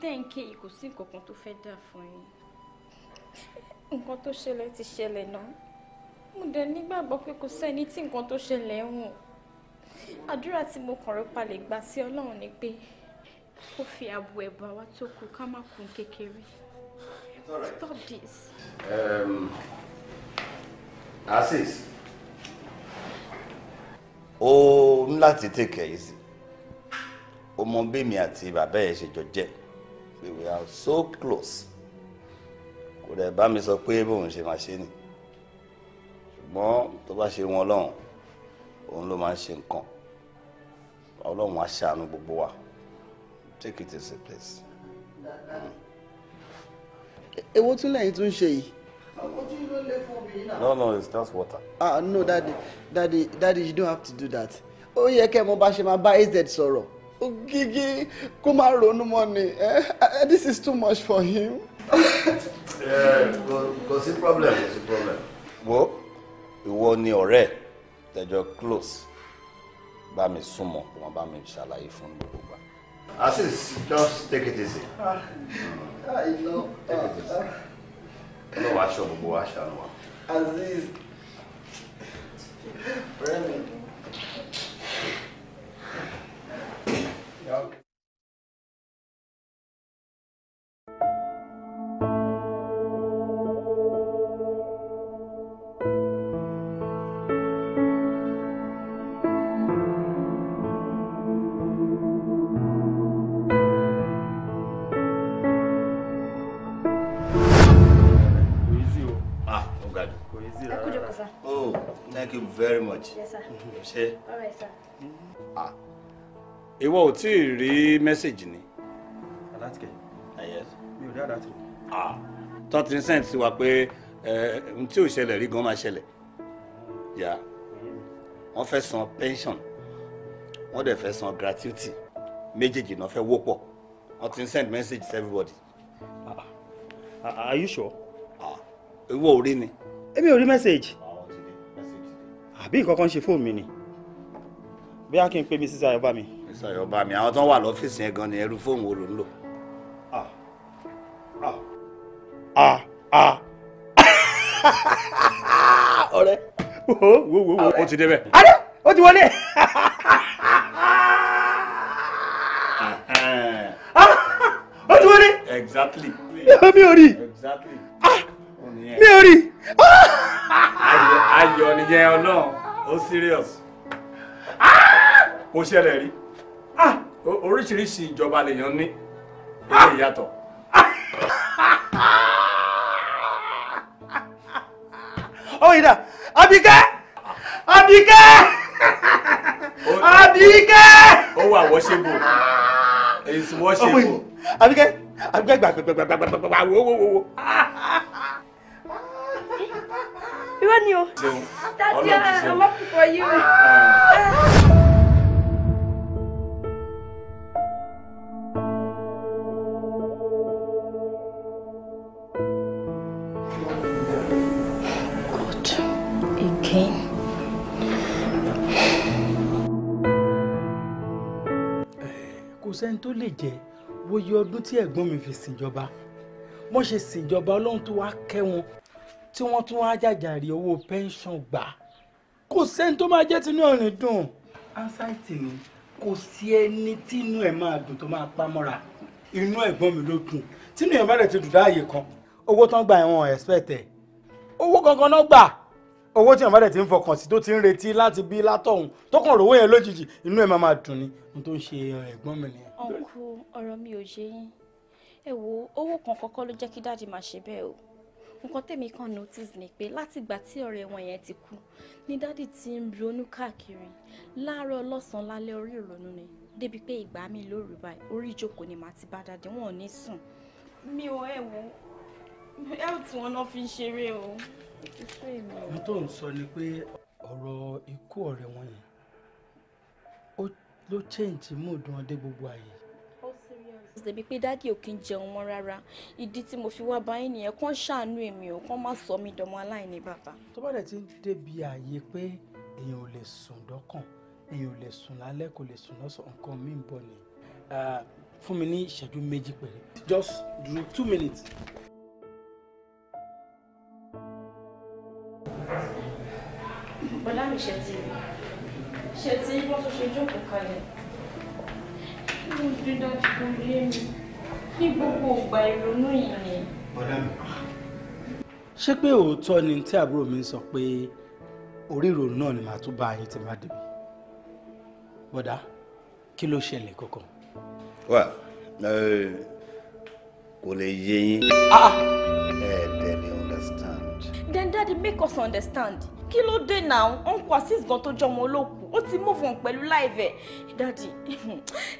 tẹ́ ń ké yìí kò sí nǹkan kan tó fẹ́ dà fún yín nǹkan tó ṣẹlẹ̀ ti ṣẹlẹ̀ náà mo dẹ̀ nígbàgbọ́ pé kò sẹ́ni tí nǹkan tó ṣẹlẹ̀ ń wọ̀n àdúrà tí mo kàn rọ́pà lè gbà sí ọlọ́run ni pé kó fi ààbò ẹ̀bùn àwa tó kù ká má kun kékeré stop this. Um, asis o ní láti take easy o mọ bí mi àti bàbá ẹ ṣe jọ jẹ́ pé we are so close kò dẹ̀ bá mi sọ pé bóun ṣe máa ṣe ni ṣùgbọ́n tó bá ṣe wọn lọ́hùn òun ló máa ń ṣe nǹkan ọlọ́run á ṣàánú gbogbo wa take it as a place. Hmm. èwo tún lẹ́yìn tún ṣe yìí. ojú ló lé fún obìnrin náà. no no it's just water. ah no daddy daddy daddy you don't have to do that ó yẹ kẹ́ mo bá ṣe máa bá az sọ̀rọ̀. Gigi kó máa money. mọ́ ni eh? Eh, this is too much for him. Eh, kò sí problem kò problem. Well, you ni ọ̀rẹ́ tẹjọ close bá mi súnmọ́ kó máa bá mi ṣàlàyé fún gbogbo just take it easy. Ah, I know. Hmm. take it easy. Ah, ah. ọlọ́wọ́ aṣọ gbogbo wash ṣàánú wa. aziz rẹ́mi. Tchau. Ah, oh, thank you very much. Yes, sir. Ṣé. All right, sir. Mm-hmm. Ah ìwọ ò tí ì rí mẹ́sàgì ni. alátìkẹ́ ah, mi ò rí alátìkẹ́. Ah. Thirty ń sẹ́ǹtì sí wa pé ohun tí ò ṣẹlẹ̀ rí gan máa ṣẹlẹ̀ yá wọ́n fẹ́ san pension wọ́n dẹ̀ fẹ́ san gratuity méjèèjì náà fẹ́ wọ́pọ̀ wọ́n ti send message to everybody. Ah, ah, are you sure. ìwọ ò rí ni. èmi ò rí message àbí nǹkan kan ṣe fóònù mi ni bí a kì í pe mrs ayọ̀bá mr yorùbá mi àwọn tó ń wà lọ́fíìsì yẹn gan ni ẹrú fóònù wo ló ń lò. Ah, ah. Ah, ọ̀rẹ́ wo wo wo o ti débẹ̀. adé o ti wọlé. Eh. o ti wọlé. exactly. mi ò rí. exactly. mi ò rí. ayọ̀ nìyẹn ọlọ́run ó serious. kò ṣẹlẹ̀ rí. Ah! oríṣiríṣi ìjọba lèèyàn ní ilé ah! ìyàtọ̀. ọmọ yìí dà Àbíkẹ́ Àbíkẹ́ Àbíkẹ́. ó wà wọ́ṣẹ́bù èsì wọ́ṣẹ́bù. Àbíkẹ́ Àbíkẹ́ gbàgbàgbàgbàgbàgbà wo wo wo. irọ́ ni o. that's it i'm happy for you. Ah. kò sẹ́ni tó lè jẹ́ wo iye ọdún tí ẹ̀gbọ́n mi fi ṣìjọba wọ́n ṣe ṣìjọba ọlọ́run tó wá kẹ́ wọn tí wọ́n tún wá jàjàre owó pẹ́ńsọ̀n gbà kò sẹ́ni tó máa jẹ́ tinú ọ̀rìn dùn. ansáìtì ni kò sí ẹni tí inú ẹ̀ máa dùn tó máa pa mọ́ra inú ẹ̀gbọ́n mi ló dùn tínú ẹ̀ má rẹ̀ ti dùn láàyè kan owó tán gbà ẹ̀wọ̀n expect owó gangan náà gbà owó tí ìyàmọ́dẹ̀ ti ń fọkàn sí tó ti ń retí láti bí látọ̀hún tó kàn rówó yẹn lójijì inú ẹ̀ máa máa dùn ni ohun tó ń ṣe ẹ̀gbọ́n mi nìyẹn. ọ̀nkú ọ̀rọ̀ mi ò ṣe yín ẹ wo owó kan kọ́kọ́ ló jẹ́ kí dáàdì máa ṣe bẹ́ẹ̀ o nǹkan tèmi kan notice ni pé látìgbà tí ọ̀rẹ́ wọn yẹn ti kú ni dáàdì ti ń ronú káàkiri láàárọ̀ lọ́sàn-án lálẹ́ orí ìrònú ni débi pé ìgbà mi lóru báyìí orí ìjókòó ni màá ti bá dáàdì wọn ò ní sùn mi ò ẹ̀ wò health wọn náà fi ṣeré o ohun tó ń sọ ni pé ọ̀rọ̀ ikú ọ̀rẹ́ wọn yẹn ó ló change mood wọn dé gbogbo àyè. ṣèbí pé dáàdì ò kí ń jẹun mọ́ rárá ìdí tí mo fi wá bá yín nìyẹn kán ṣàánú èmi ò kán má sọ mí dọmọ aláìní bàbá. tó bá dẹ̀ ti ń débi àyè pé èèyàn ò lè sùn dọ́kàn èèyàn ò lè sùn lálẹ́ kò lè sùn lọ́sàn nǹkan mi ń bọ̀ ni ah, fún mi ní ìṣẹ́jú méjì péré just dúró two minutes. bọ́lá mi ṣe ti ṣe ti wọ́n tún ṣe jókòó kalẹ̀ mo rí dájú tó rí mi ní gbogbo ìgbà ìrònú yìí ni. bọ́lá mi. ṣé pé òótọ́ ni tí àbúrò mi sọ pé orí náà ni màá tún bá ayé tí má débi bọ́dá kí ló ṣẹlẹ̀ kankan. wà kò lè yé yín. Ah! ẹ dẹ̀ ni understand. then daddy make us understand kí ló dé náà uncle asis gan tó jọmọ olókùn ó ti move on pẹ̀lú láìvẹ̀ dadi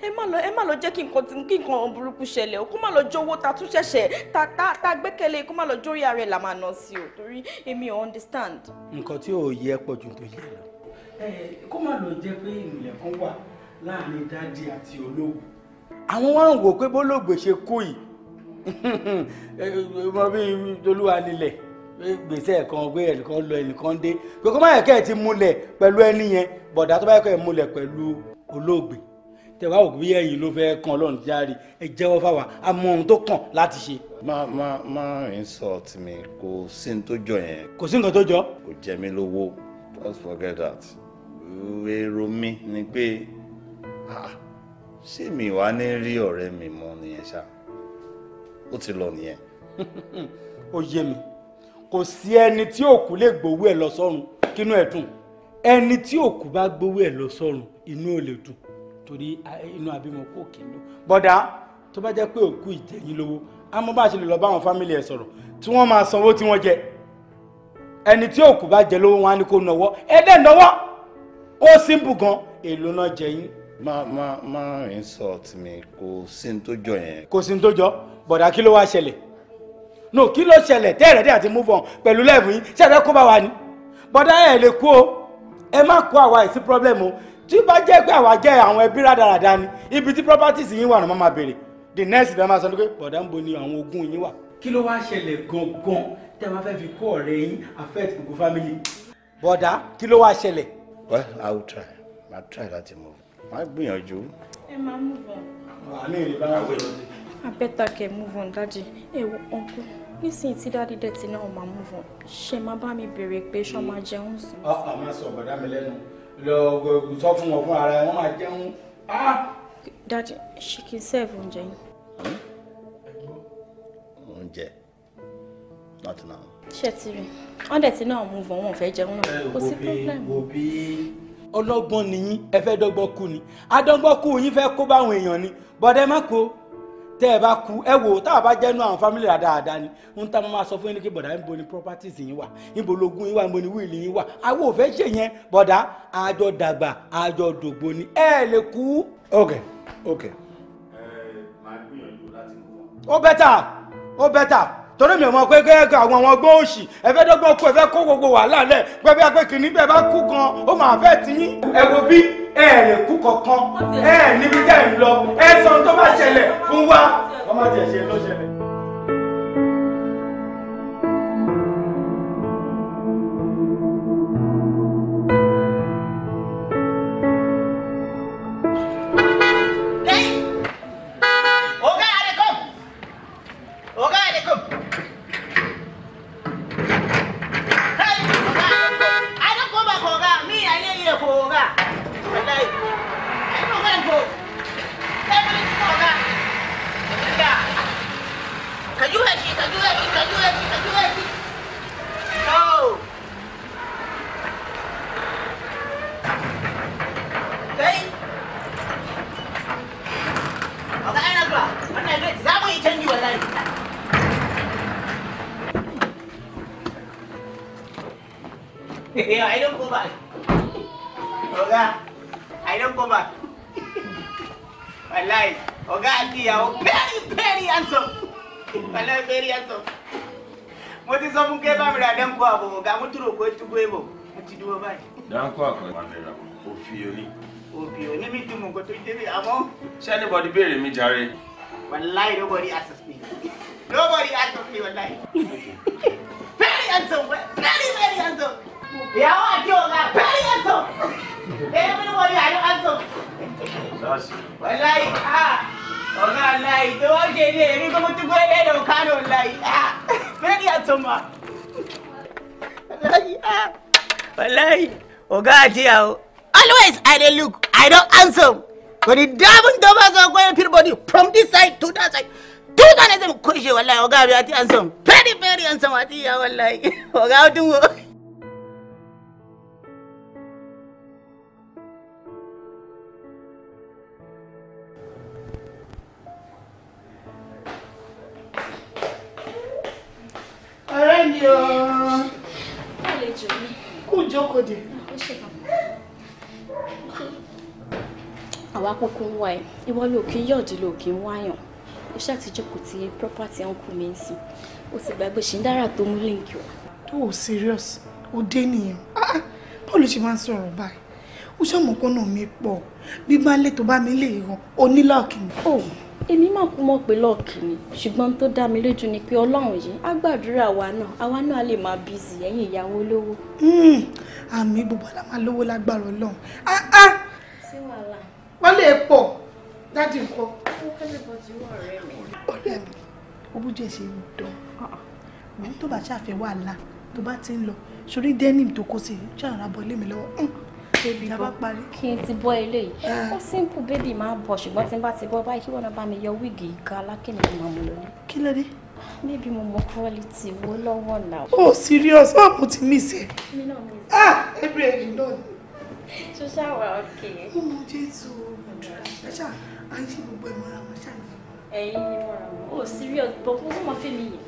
ẹ má lọ ẹ má lọ jẹ́ kí nǹkan tí kí nǹkan burúkú ṣẹlẹ̀ o kó má lọ jówó ta tún ṣẹ̀ṣẹ̀ ta ta ta gbẹ́kẹ̀lé kó má lọ jórí ara ẹ̀ là máa nà sí o torí èmi ò understand. nǹkan tí ò yẹ pọ̀ ju tó yẹ lọ. kó má lọ jẹ́ pé ìmùlẹ̀ kan wà láàrin dadi àti olóògùn. àwọn wá ń wò pé bólóògbé ṣe kú yìí mọ bí olúwa nílẹ̀ gbèsè ẹ̀kan gbé ẹnìkan lọ ẹnìkan dé kókó má yẹ kẹ́ ẹ̀ ti múlẹ̀ pẹ̀lú ẹni yẹn bọ̀dá tó bá yẹ kẹ́ ẹ̀ múlẹ̀ pẹ̀lú olóògbé tẹ̀wá òkú bí ẹ̀yìn ló fẹ́ kan ọlọ́run járe ẹ jẹ́wọ́ fáwa a tó kàn láti ṣe. má má má insult mi kò sí ní tó jọ yẹn. kò sí nǹkan tó jọ. kò jẹ mí lówó just forget that èrò mi ni pé ṣé mi wàá ní rí ọ̀rẹ́ mi mọ́ nìyẹn ṣá ó ti lọ nìyẹn. ó yé mi kò sí ẹni tí òkú lè gbowó ẹ̀ lọ sọ́run kínú ẹ̀ dùn ẹni tí òkú bá gbowó ẹ̀ lọ sọ́run inú ò lè dùn torí inú abímọ kò kínú bọ́dà tó bá jẹ́ pé òkú ìjẹyìn lówó àmọ́ a ṣe lè lọ bá àwọn fámìlì ẹ̀ sọ̀rọ̀ tí wọ́n máa sanwó tí wọ́n jẹ ẹni tí òkú bá jẹ lówó wọn á ní kó nọwọ́ ẹ dẹ́ nọwọ́ ó símbù gan èlò náà jẹyìn. má má má insult mi kò sí ní tó jọ yẹn. kò sí ní tó jọ bọ̀dà kí ló wá ṣẹlẹ̀ no kí ló ṣẹlẹ̀ tẹ́ ẹ̀rẹ́dẹ́ àti move on pẹ̀lú lẹ́ẹ̀mú yín ṣe ẹ̀rẹ́ kó bá wa ni bọ́dá ẹ̀ lè kú o ẹ má kó àwa ìsí problem o tí bá jẹ́ pé àwa jẹ́ àwọn ẹbí rádaràda ni ibi tí properties yín wà ní màmá béèrè the next day, máa sọ pé bọ́dá ń bo ni àwọn ogún yín wà. kí ló wá ṣẹlẹ̀ gangan tẹ́ wọ́n fẹ́ fi kó ọ̀rẹ́ yín affect gbogbo family. bọ́dá kí ló wá ṣẹlẹ̀. well i will try i will try láti move. máa gbìyànjú. ẹ máa move on. àmì ìrìbá I better get move on daddy Hey, uncle nísìnyí tí dáàdi dẹ̀ ti náà máa move on ṣe máa bá mi béèrè pé ṣọ́ máa jẹun sí. a ah, ah, máa sọ bàdá mi lẹ́nu lọ sọ fún wọn fún ara ẹ wọn máa jẹun. Ah! daddy she can n serve oúnjẹ yín. Hmm? oúnjẹ láti náà. ṣé ti rí wọn dẹ̀ ti náà move on wọn ò fẹ́ jẹun náà eh, kò sí problem. ọlọ́gbọ́n nìyí ẹ fẹ́ dọ́gbọ́n kú ni adọ́gbọ́n kú yín fẹ́ kó báwọn èèyàn ni bọ́dẹ má kó. tẹ́ ẹ bá kú ẹ wò tá a bá jẹ́nu àwọn family rà dáadáa ni ta ta máa sọ fún yín kí bọ̀dá níbo ni properties yín wà níbo lógún yín wà níbo ni wíìlì yín wà àwọn ò fẹ́ ṣe yẹn bọ̀dá àjọ dàgbà àjọ dògbò ni ẹ lè kú. ok ok. ẹ máa gbìyànjú láti mú ó bẹ́tà ó bẹ́tà torí mi ò mọ gbogbo wàhálà lẹ̀ pẹ́ bí ẹ lè kú kankan ẹ níbi tẹ́ ń lọ ẹ sọ ohun tó bá ṣẹlẹ̀ fún wa ọmọ tẹ̀ ṣe ló ṣẹlẹ̀. me jare. Wallahi nobody asks me. Nobody asks me wallahi. very handsome, very very handsome. Yeah, I do that. Very handsome. Eh, everybody, are you handsome? Wallahi, ah. Ọ̀gá lie. Don't wọ́n ṣe ilé èmi kó mo tún gbé ẹ̀dọ̀ lie. ọ̀láì. Very handsome ma. Ọ̀láì ọ̀gá àti ìyàwó. Always I dey look, I don't handsome kò ní dáàbò tó bá sọ pé everybody from this side to that side tó dáná sẹ́mi kó ṣe wàláyé ọ̀gá mi àti ansan pẹ́ẹ́rì pẹ́ẹ́rì ansan àti ìyá wàláyé ọ̀gá ọdún wo. kókó ń wá ẹ ìwọ ló kí ń yọ̀dí ló kí ń wáyàn ó ṣàtijọ́kù ti property uncle mi ń sìn ó ti gbàgbé ṣìndára tó mú líǹkì wá. oh serious ó dé nìyẹn ah, ah, báwo ló ṣe máa ń sọ̀rọ̀ báyìí ó ṣàmọ̀ pọ́nà mi pọ̀ bí bá lè tó bá mi lè ràn ó ní lọ́ọ̀kì ni. o èmi máa kú mọ̀ pé lọ́ọ̀kì ni ṣùgbọ́n tó dá mi lójú ni pé ọlọ́run yìí á gbàdúrà wa náà àwa náà lè máa bízì ẹ̀yìn ìyàwó lówó. Hmm, àmì gbogbo àlá lówó lágbára ọlọ́run ah, wọ́n lè pọ̀ dáàdì nǹkan. ó lè bọ̀ ogúnjẹ ṣe ń dán mẹ́rin tó bá ṣàfẹ́ wàhálà tó bá ti ń lọ sórí denim tó kó sí ṣàrà bọ́ lé mi lọ́wọ́ baby bọ́ kí n ti bọ́ ilé yìí ah. ó simple baby máa bọ̀ ṣùgbọ́n tí n bá ti bọ́ báyìí kí wọ́n náà bá mi yọ wíìgì ìka alákìní tó máa mú lọ ní. kí ló dé. baby mo mọ quality wo lọ́wọ́ náà. oh serious máa mo ti miss ẹ. mi náà miss ẹ. ah ebi ẹ̀yìn náà ni tó ṣàwà òkè. ó mọ jésù ẹṣà àyè gbogbo ẹ̀ mọ́ra wọn ṣàlùfẹ́. ẹ̀yin ni mo rà wọ́n ó oh, serious but mo tún mọ fẹ́mi yìí.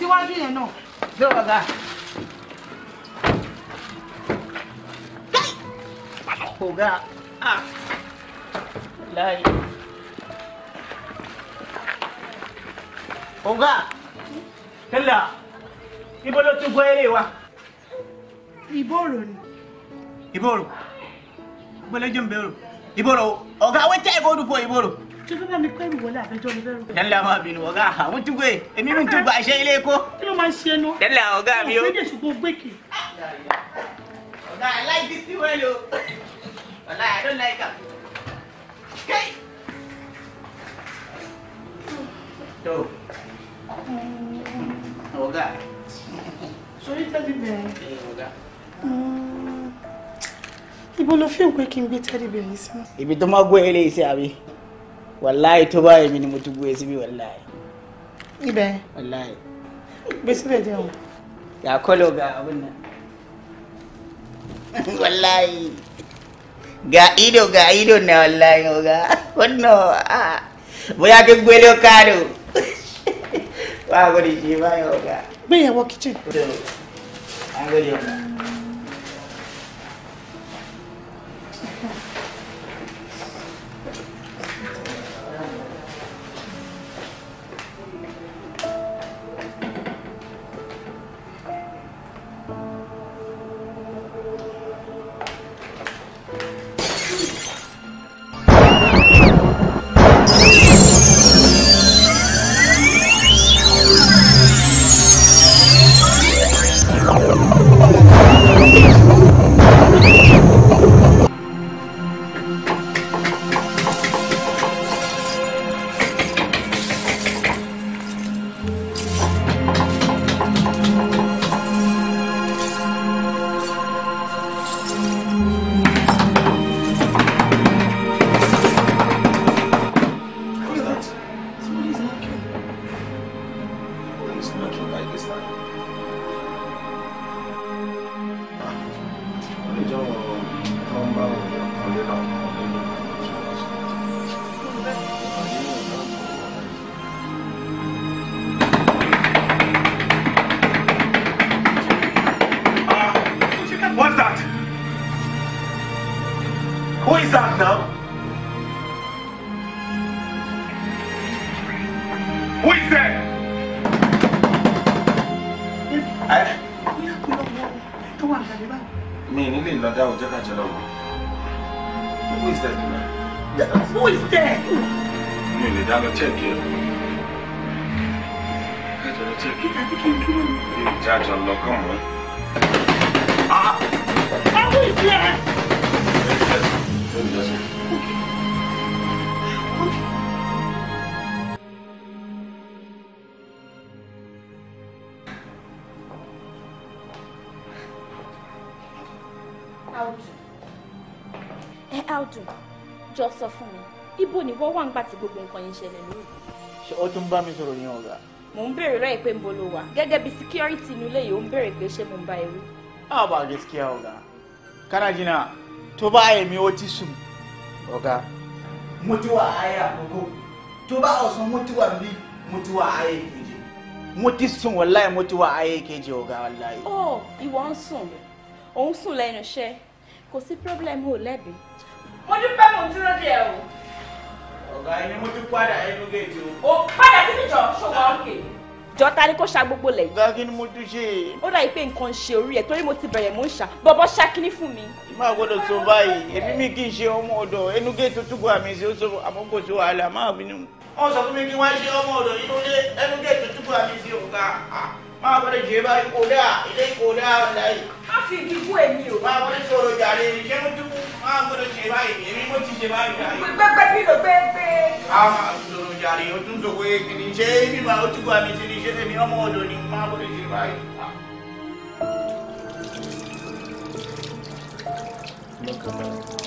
tíwájú yẹn náà lé ọ̀gá. Ah. ọ̀gá láyé. ọ̀gá tẹ́lá ibo ló tún gbọ́ eré wa. ìbòrò ni. ìbòrò gbọ́dọ̀ jẹun bẹ̀rù ìbòrò ọ̀gá wẹ́tẹ́ ìbòrò fún ìbòrò ṣe fẹ́ bá mi kọ́ ẹrù wọlé àbẹ́jọ́ ni fẹ́ rú. dẹ́lẹ̀ máa bínú ọ̀gá àwọn tí wéé èmi mi tún iṣẹ́ ilé kó. kí ló máa ń ṣe ẹnu. dẹ́lẹ̀ ọ̀gá mi o. ògbédè ṣùgbọ́n gbèkè. ọ̀gá I like this thing well o. Oh. ọ̀la I don't like am. tó mm-hmm. ọ̀gá. sori tẹ́lẹ̀ bẹ̀rẹ̀. ọ̀gá mm. ibo ló fi ń pé kí n gbé tẹ́lẹ̀ bẹ̀rẹ̀ sí. ibi tó máa gbé eléyìí sí àbí. wallahi to baya mini ni mo ti wallahi. ibe wallahi. gbé síbẹ̀ jẹ́ ya kolo ga abin nan. wallahi ga ido ga ido na wallahi ga wannan a bóyá kí gbélé kado ba gori ji ba yo ga. gbé ya wo kitchen. an gori yo ń ṣẹlẹ̀ lóru. ṣé ó tún bá mi sọ̀rọ̀ yẹn ọ̀gá. mò ń béèrè lọ́yìn pé ń bo ló wà gẹ́gẹ́ bí síkírọ́rìtì inú ilé yìí ó ń béèrè pé ṣé mo ń bá ewu. how about gaskiya ọ̀gá kana jina tó bá èmi ó ti sùn ọ̀gá. mo ti wà ayé àkókò tó bá ọ̀sán mo ti wà bí mo ti wà ayé kejì mo ti sùn wàláì mo ti wà ayé kejì ọ̀gá wàláì. ó ìwọ ń sùn òun sùn lẹ́nu iṣẹ́ kò sí pírọ́blẹ́mù ò lẹ́bi. mo dúpẹ́ mo dúró dè ẹ́ o ọ̀gá ẹni mo ti padà ẹnu géètì o. o padà síbi jọ ṣọwọ́ òkè. jọ ta ni kò ṣa gbogbo lẹ. ọ̀gá kí ni mo tún ṣe. ó dà yìí pé nǹkan ń ṣe orí ẹ̀ torí mo ti bẹ̀rẹ̀ mo ń ṣà bọ́bọ́ ṣá kíní fún mi. má gbọ́dọ̀ tó báyìí èmi mi kì í ṣe ọmọ ọ̀dọ̀ ẹnu géètì tó gbà mí sí ó sọ àkókò tó wàhálà má bínú. wọ́n sọ fún mi kí wọ́n ṣe ọmọ ọ̀dọ̀ yìí ló lé ẹnu géètì tó gbà mí sí ọ̀gá máa wọlé jẹ báyìí kódà ilé kódà ọ̀la yìí. má fi ibi kú èmi o. máa wọlé sọ̀rọ̀ jàre ṣé mo dúkú máa wọlé jẹ báyìí èmi mo ti jẹ báyìí jàre. pẹpẹ bí lo pẹpẹ. a máa sọ̀rọ̀ jàre o tún sọ pé kìnìún ṣe é bí màá tún bá mi ti ní ṣe èmi ọmọ ọ̀dọ̀ ni máa wọlé jẹ báyìí. Look at that.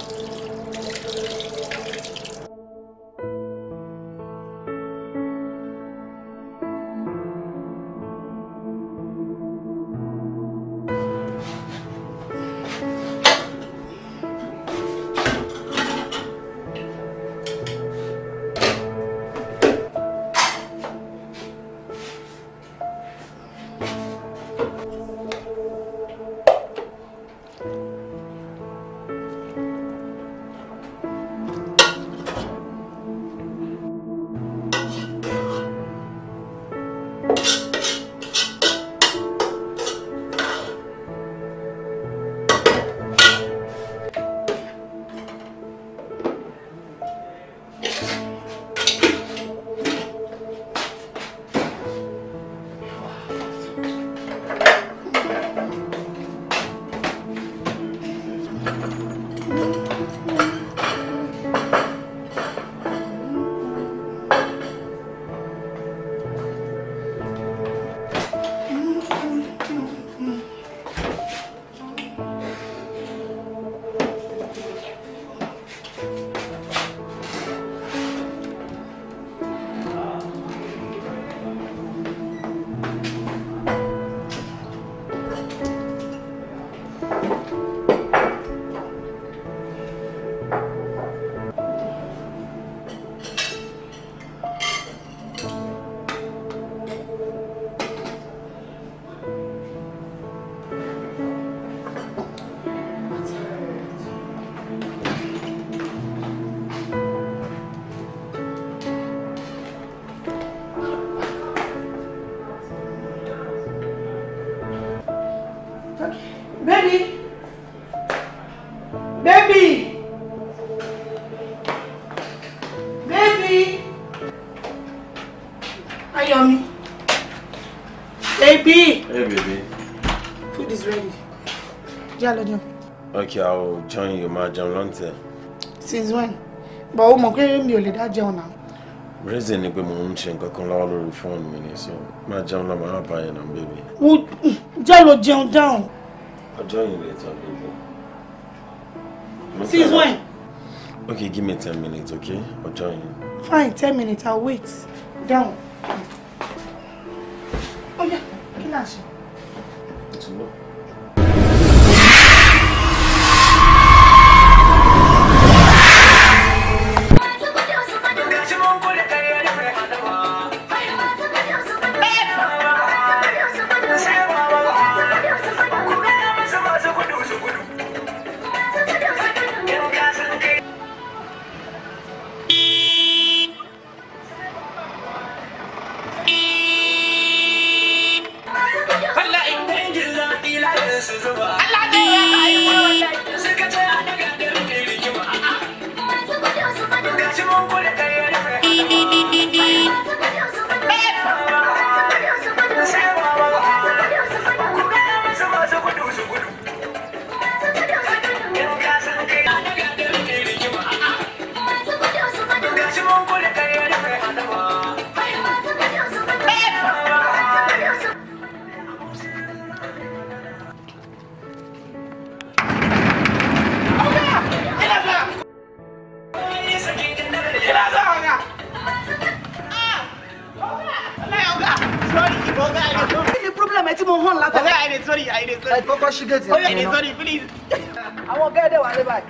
ta okay I'll join you máa jẹun lọ́ntẹ̀. since when? but o mọ̀ pé mi ò lè dá jẹun náà. reason ni pé mo ń ṣe nǹkan kan lọ́wọ́ lórí fóònù mi ni so máa jẹun lọ́mọ máa bá yẹn náà bébì. wo jẹ́ lọ jẹun dáhùn. ọjọ́ yìí lè tán bébì. since when? okay give me ten minutes okay ọjọ́ yìí. fine ten minutes I'll wait down. I love it. kọ́ ṣí gate yẹn. ó yẹ kí n sọ ní please. àwọn gẹ́gẹ́ wà lébàá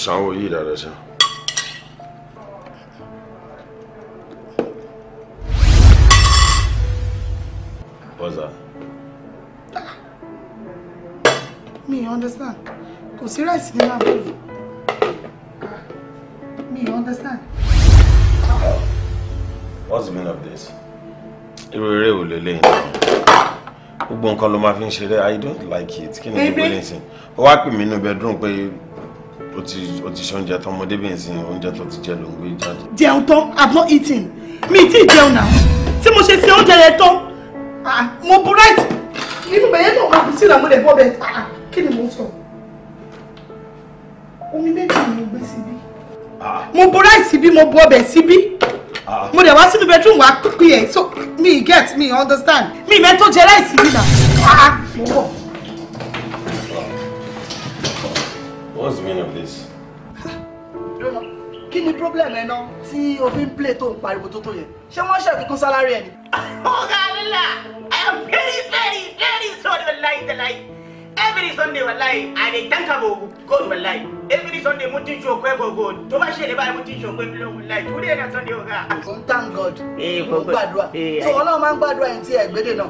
sanwó What's that? Me understand. Kò sí rice nínú abọ́ Me understand. What's the meaning of this? Irú eré wo lélẹ́yìn náà? Gbogbo nǹkan ló máa fi ń ṣeré. I don't like it. Kí ni gbogbo eléyìí sìn? Ó wá pè mí nínú bedroom pé o ti o ti ṣe oúnjẹ tán ọmọdébìnrin sí oúnjẹ tó ti jẹ ló ń gbé jáde. jẹun tán i'm not eating mi ti jẹun náà tí mo ṣe ṣe oúnjẹ yẹn tán mo bu rice nínú bẹ̀yẹn náà máa kú sí ìlànà ẹ̀fọ́ bẹ́ẹ̀ kí ni mo sọ omi méjì ni mo gbé síbí mo bu síbí mo bu ọbẹ̀ síbí mo dẹ̀ wá sínú bedroom wa pè é so me get me understand mi ìbẹ́ tó jẹ rice síbí náà what's the meaning of this? kí ni problem ẹ̀ náà tí o fi ń play tó ń pariwo tó tó yẹ ṣé wọ́n ṣe kíkún sálárì ẹ̀ ni. ọ̀gá lílà I very very very sorry wàláyé tẹ̀láyé every Sunday wàláyé I dey thank am o oh, God wàláyé every Sunday mo ti ń ṣe òkú To gold tó bá ṣe lè báyìí mo ti ń ṣe òkú ẹ̀bọ̀ wàláyé today na Sunday ọ̀gá. thank God eh, mo gbàdúrà tó eh, ọlọ́run máa ń gbàdúrà ẹ̀ ń tí ẹ̀ gbédè náà.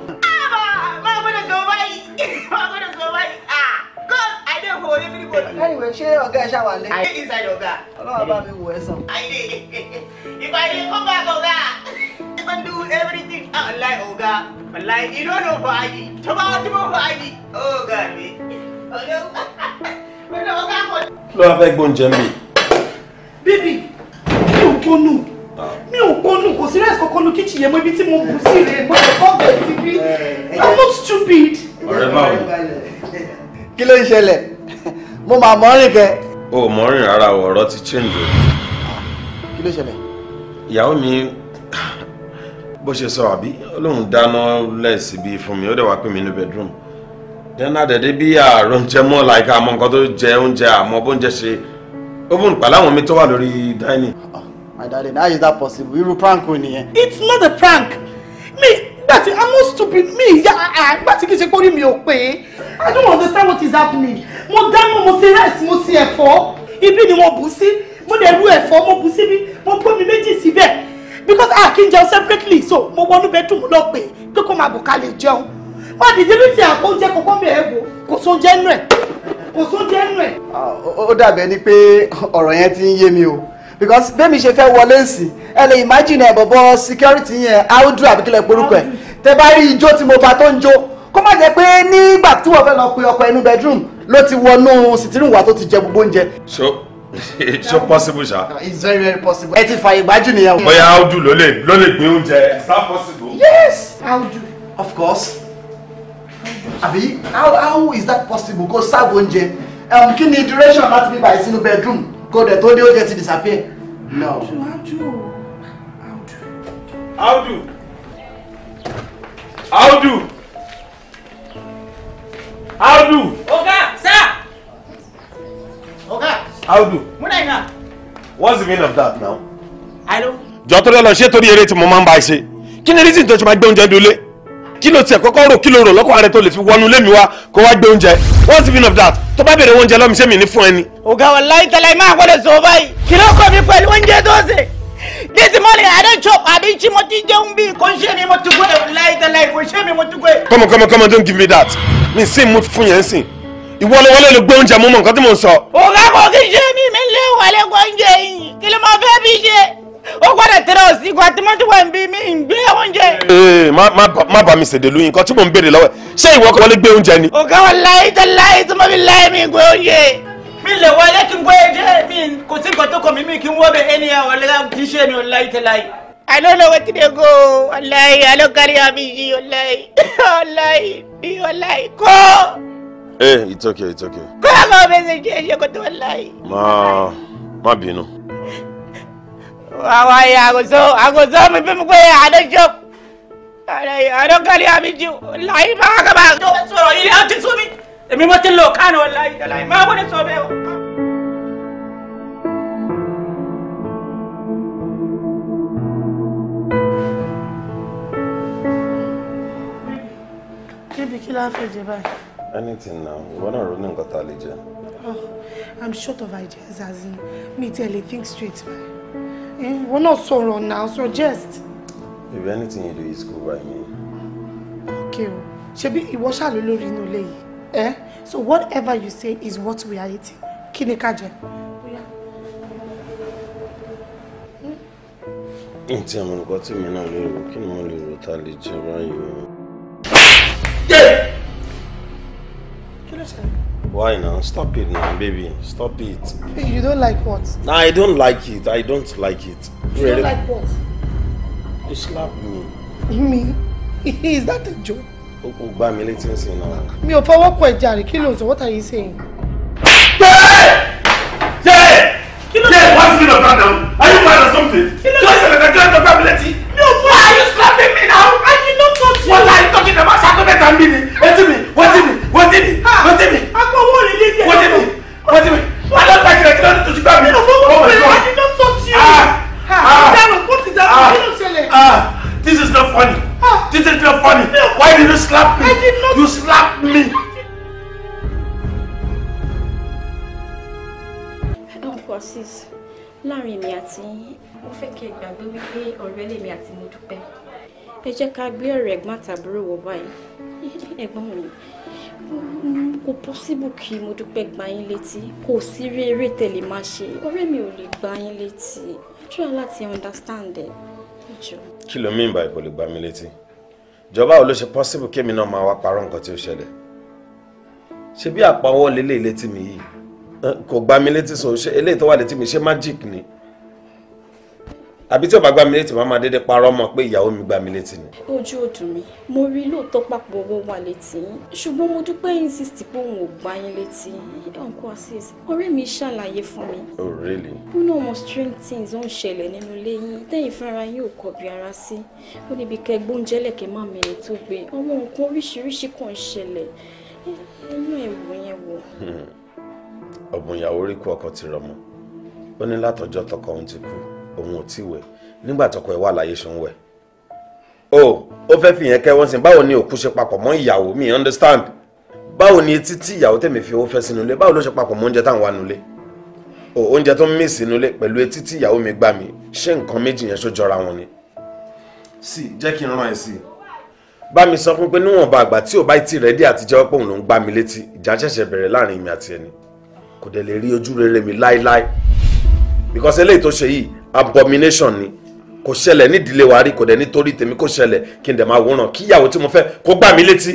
I'm gonna go báyìí I'm gonna go báyìí ah god i don't for everybody. anyway ṣé ọgá ẹ ṣáà wà lẹ. i dey inside ọgá. I bá mi wò ẹ sàn. i did. if i dey come back ọgá i go do everything like online ọgá like you don't know for ayi tomorrow tomorrow for ayi oh god mi ọlọ́wọ́ ọgá kọ. lọ́wọ́ fẹ́ gbóúnjẹ mi. bíbí kí n kó mi ò gbọ́nù kò sí rice kankan nu kíchìn yẹn mọ ibi tí mo bù sí rè mo lè kọ́ bẹ̀rẹ̀ ti bí eh, eh. i'm not stupid. ọ̀rẹ́ máa wò. kí ló ń ṣẹlẹ̀ mo máa mọ̀ rìn kẹ. o mọ̀ rìn rárá o ọ̀rọ̀ ti change o. kí ló ṣẹlẹ̀. ìyàwó mi bó ṣe sọ àbí olóhùn dáná lẹ́sì bíi fún mi ó dẹ̀ wá pè mí ní bedroom then àdẹ̀dẹ̀ bí ààrùn oúnjẹ mọ́ like àmọ́ nǹkan tó jẹ oúnjẹ àmọ́ bóúnjẹ ṣe ó fún pàláwọn mi tó wà lórí dining. Ah my darling how is that possible irú prank wo nìyẹn. it's not a prank me, nígbà i'm not stupid me. ya yeah, tí kì í ṣe kórìí mi ò pé i don't understand what is happening mo dáná mo ṣe rice mo ṣe ẹ̀fọ́ ibi ni wọ́n bù sí mo dẹ̀ rú ẹ̀fọ́ mo bù síbi mo bómi méjì síbẹ̀ because a kì í jẹun separately so mo wọnú bedroom lọ pé pé kó máa bù ká lè jẹun wọ́n dìde ní ti àpò oúnjẹ kọ̀ọ̀kan bẹ̀ ẹ́ wò kò sóúnjẹ nù ẹ̀ kò sóúnjẹ nù ẹ̀. Ah, ó dàbẹ̀ ni pé ọ̀rọ̀ yẹn ti ń yé mi o because bẹ́ẹ̀ mi ṣe fẹ́ wọlé sí ẹ lè imagine ẹ̀ bọ̀bọ̀ security yẹn áúdù àbíkílẹ̀ porúkọ ẹ̀ tẹ bá rí ijó tí mo bá tó ń jó kó má jẹ́ pé nígbà tí wọ́n fẹ́ lọ pe ọkọ ẹnu bedroom ló ti wọnú sitirin wa tó ti jẹ gbogbo oúnjẹ. so so possible ṣá. it's very very possible. ẹ ti fààyè gbájú nìyẹn o. bóyá áúdù ló lè ló lè gbé oúnjẹ is that possible. yes áúdù of course àbí how how is that possible kó sáàbù oúnjẹ um, kí ni duration láti bí bàyí sínú bedroom kó I told you oúnjẹ ti disappear. no. Audu Audu Audu. oga sir. oga. Audu. múnà iná. what's the meaning of that now. I don't. jọ torí ẹ lọ ṣé torí eré tí mo máa ń bá a ṣe kí ni reason tó ṣe máa gbé oúnjẹ dúlé kí ló tiẹ̀ kọ́kọ́ rò kí ló rò lọ́kọ̀ rẹ tó lè fi wọnú lémi wa kó wá gbé oúnjẹ what's even of that tó bá bèrè oúnjẹ lọ́mi mi ní fún ẹni. ọ̀gá wallahi tẹ́lẹ̀ máa gbọ́dọ̀ sọ báyìí kí ló kọ́ mi pẹ̀lú oúnjẹ tó ṣe this morning i don chop abinci mo ti jẹun bí kò ṣe mi mo ti gbé wallahi tẹ́lẹ̀ kò ṣe mi mo ti gbé. come on come on come on don't give me that mi sì mú fún yẹn sìn ìwọ ló wọlé ló gbé oúnjẹ mú mọ nǹkan tí mò ń sọ. ọ̀gá kò kí ṣe mi mi lé wàlẹ́ gbọ́ oúnjẹ yìí kí ló máa fẹ́ bí ṣe ó gbọ́dọ̀ tẹ̀lé òsìkò àti mọ́tò wẹ̀ ń bí mi ń gbé oúnjẹ. ee eh, má bà mí ṣèdè lóyún nǹkan tí mò ń béèrè lọ́wọ́ ṣé ìwọ kọ́ wọlé gbé oúnjẹ ni. ọ̀gá wọn láyé tẹ láyé tí mo fi láyé mi gbé oúnjẹ. mi lè wọlé kí n gbé oúnjẹ mi kò sí nǹkan tó kọ mi mi kí n wọ́ bẹ ẹni àwọn ọ̀lẹ́dá kì í ṣe mi ọ̀láyé tẹ láyé. I don't know where to go. Wallahi, I don't carry Amiji. Wallahi, wallahi, be wallahi. Go. Hey, eh, it's okay, it's okay. Go, go, message. Go to wallahi. Ma, ma bínú. Hawaii, I go so, I go so, me people go here, I don't joke. I don't carry a bit you. Láì máa kà máa tó sọ̀rọ̀ yìí, a ti sún mi. Èmi mo ti lò kánò láì, láì máa wọlé sọ bẹ́ẹ̀ o. Bébí kí la fẹ́ jẹ báyìí? Anything now, ìwọ náà ronú nǹkan tá a lè jẹ. Oh, I'm short of ideas as in, mi tẹ́lẹ̀ think straight báyìí. We're not so wrong now, so just. If anything you do is cool by me. Okay o. Ṣebí ìwọ ṣá ló lórí inú Eh? So whatever you say is what we are eating. Kí ni ká jẹ? Ntí àwọn olùkọ́ tí mi náà lè rò kí ni wọ́n lè ta lè jẹ báyìí o. Kí ló ṣẹlẹ̀? Why now? Stop it now, baby. Stop it. You don't like what? Nah, I don't like it. I don't like it. You really? don't like what? You slapped me. Me? Is that a joke? O gba mi létí ń sìn náà. point, Jerry? fọwọ́ pọ̀ What are you saying? Jerry! Jerry! Jẹ́ wá sí ìlọ̀ kan náà. Are you mad or something? Jọ́ ìṣẹ̀lẹ̀ kan jẹ́ ọ̀dọ́ gbàmí létí. No, why are you slapping me now? And you no touch me. Wọ́n láyé tọ́kì náà, má ṣàkóbẹ̀ta mi ni. Etí mi, wọ́n ti mi wọ́n ti mi wọ́n ti mi. akọ owó rẹ lé díẹ̀. wọ́n ti mi wọ́n ti oh mi wọ́n lọ gba kìlọ̀ kìlọ̀ tó ti gbà mí. nínú fún wọn pé i don talk to you. dànù kó ti dànù kí ló ah. ah. this is not funny this is not funny why did you slap me you slap me. uncle sis láàrin èmi àti yín mo fẹ́ kí ẹ gbàgbé wípé ọ̀rẹ́ lèmi àti mo dúpẹ́ ẹ jẹ́ ká gbé ọ̀rẹ́ ẹ̀gbọ́n àtàbúrò wọ báyìí ẹ̀gbọ́n mi kò possible kí mo dúpẹ́ gbá yín létí kò sí rí eré tẹ̀lé máa ṣe ọ̀rẹ́ mi ò lè gbá yín létí try láti understand ẹ̀ jọ. kí ló mean by kò lè gbá mi létí ìjọba ò ló ṣe possible kémi náà máa wá parọ́ nǹkan tí ó ṣẹlẹ̀ ṣe bí àpawọ́ lélẹ̀ létí mi yìí kò gbá mi létí sọ eléyìí tó wà létí mi ṣe magic ni àbí tí o bá gbá mi létí màá máa dédé parọ́ mọ́ pé ìyàwó mi gbá mi létí ni. ojú òdùn mi mo rí lóòótọ́ papọ̀ owó wa létí ṣùgbọ́n mo dúpẹ́ insist pé òun ò gbá yín létí uncle assis ọ̀rẹ́ mi ṣàlàyé fún mi. oh really. you know mo strange things ó ń ṣẹlẹ̀ nínú ilé yín tẹ́yìn fúnra yín ò kọbi ara sí ó níbi kẹgbó oúnjẹ lẹ̀kẹ́ má mẹ́rin tó gbé àwọn nǹkan oríṣiríṣi kan ṣẹlẹ̀ inú ẹ̀wò yẹn wò. Hmm. ọ̀bùn òun ò tí wẹ̀ nígbà tọkọ ẹ̀ wà láyé ṣe ń wẹ̀ o ó fẹ́ fi yẹn kẹ́ wọ́n sìn báwo ni òkú ṣe papọ̀ mọ́ ìyàwó mi understand báwo ni títí ìyàwó tèmi fi owó fẹ́ sínú ilé báwo ló ṣe papọ̀ mọ́ oúnjẹ táwọn wà nulẹ̀ o oúnjẹ tó ń mí sínú ilé pẹ̀lú etí tí ìyàwó mi gbà mí ṣé nǹkan méjì yẹn ṣó jọra wọn ni. sì jẹ́ kí n rán ẹ sí i bá mi sọ fún pé níwọ̀nba àgbà tí ò bá ti rẹ̀ dé àtijọ́ pé òun ló ń gbá mi létí ìjà ṣẹ̀ṣẹ̀ bẹ̀rẹ̀ láàrin mi àti ẹni kò dẹ̀ lè rí ojú rere mi láéláé because eléyìí tó ṣe yìí abomination ni kò ṣẹlẹ̀ nídìílé wa rí kò dẹ̀ nítorí tèmi kò ṣẹlẹ̀ kí n dẹ̀ máa wòran kí tí mo fẹ́ kó gbà mí létí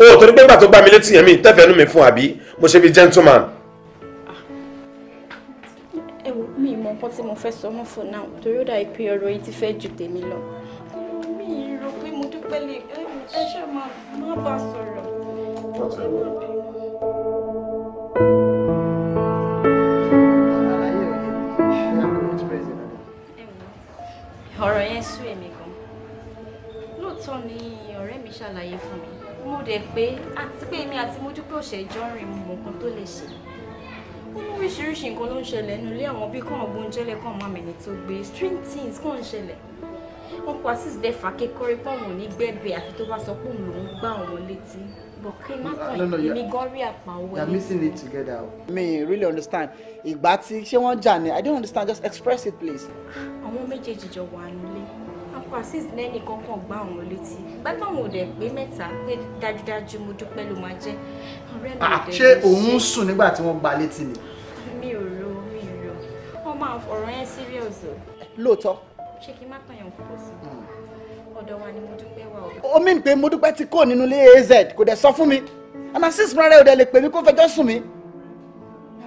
o torí pé gbà tó gbà mí létí yẹn mi tẹ́fẹ̀ẹ́ nú mi fún àbí mo ṣe bí gentleman. Ah, ẹ wo mi ìmọ̀ nǹkan tí mo fẹ́ sọ mọ́ for now torí ó dàbí pé ọ̀rọ̀ yìí ti fẹ́ ju tèmi lọ. mi rò pé mo dúpẹ́ lè ẹ ṣe máa bá sọ̀rọ̀. lóòótọ́ ni ọ̀rẹ́ mi ṣàlàyé fún mi mo dẹ̀ pé àti pé èmi àti Mójúpé òṣèjọ́ rìn mo nǹkan tó lè ṣe ó ní oríṣiríṣi nǹkan ló ń ṣẹlẹ̀ nínú ilé àwọn bí kàn ọgbọ́n jẹ́lẹ̀ kàn máa mẹ́ni tó gbé string things kàn ń ṣẹlẹ̀ wọn kọ àṣìṣe dẹ fà kékeré pọ̀ wọn ní gbẹ́bẹ̀ àfi tó bá sọ pé òun lòún gbá àwọn létí but kí n má tàn àpá owó ẹ̀ lẹ́sìn. mi really understand ìgbà tí ṣé wọ́n jà ni I don't understand just express it please. àwọn méjèèjì jọ wà nílé. Francis lẹ́nì kankan gbá àwọn létí gbàgbọ́ àwọn òde pé mẹ́ta pé dájúdájú mo dúpẹ́ ló máa jẹ́ ọ̀rẹ́ mi òde ah, ṣé òun ń sùn nígbà tí wọ́n gba létí ni. mi ò ro mi ò ro wọ́n máa ọ̀rọ̀ yẹn serious o. lóòótọ́. ṣé kí n má pààyàn púpọ̀ sí i hmm. ọ̀dọ̀ wa ni mo dúpẹ́ wà o. ó mìn pé mo dúpẹ́ ti kó nínú ilé az kò dẹ̀ sọ fún mi and assist rárá ò dẹ̀ lè pè mí kó fẹjọ́ sùn mí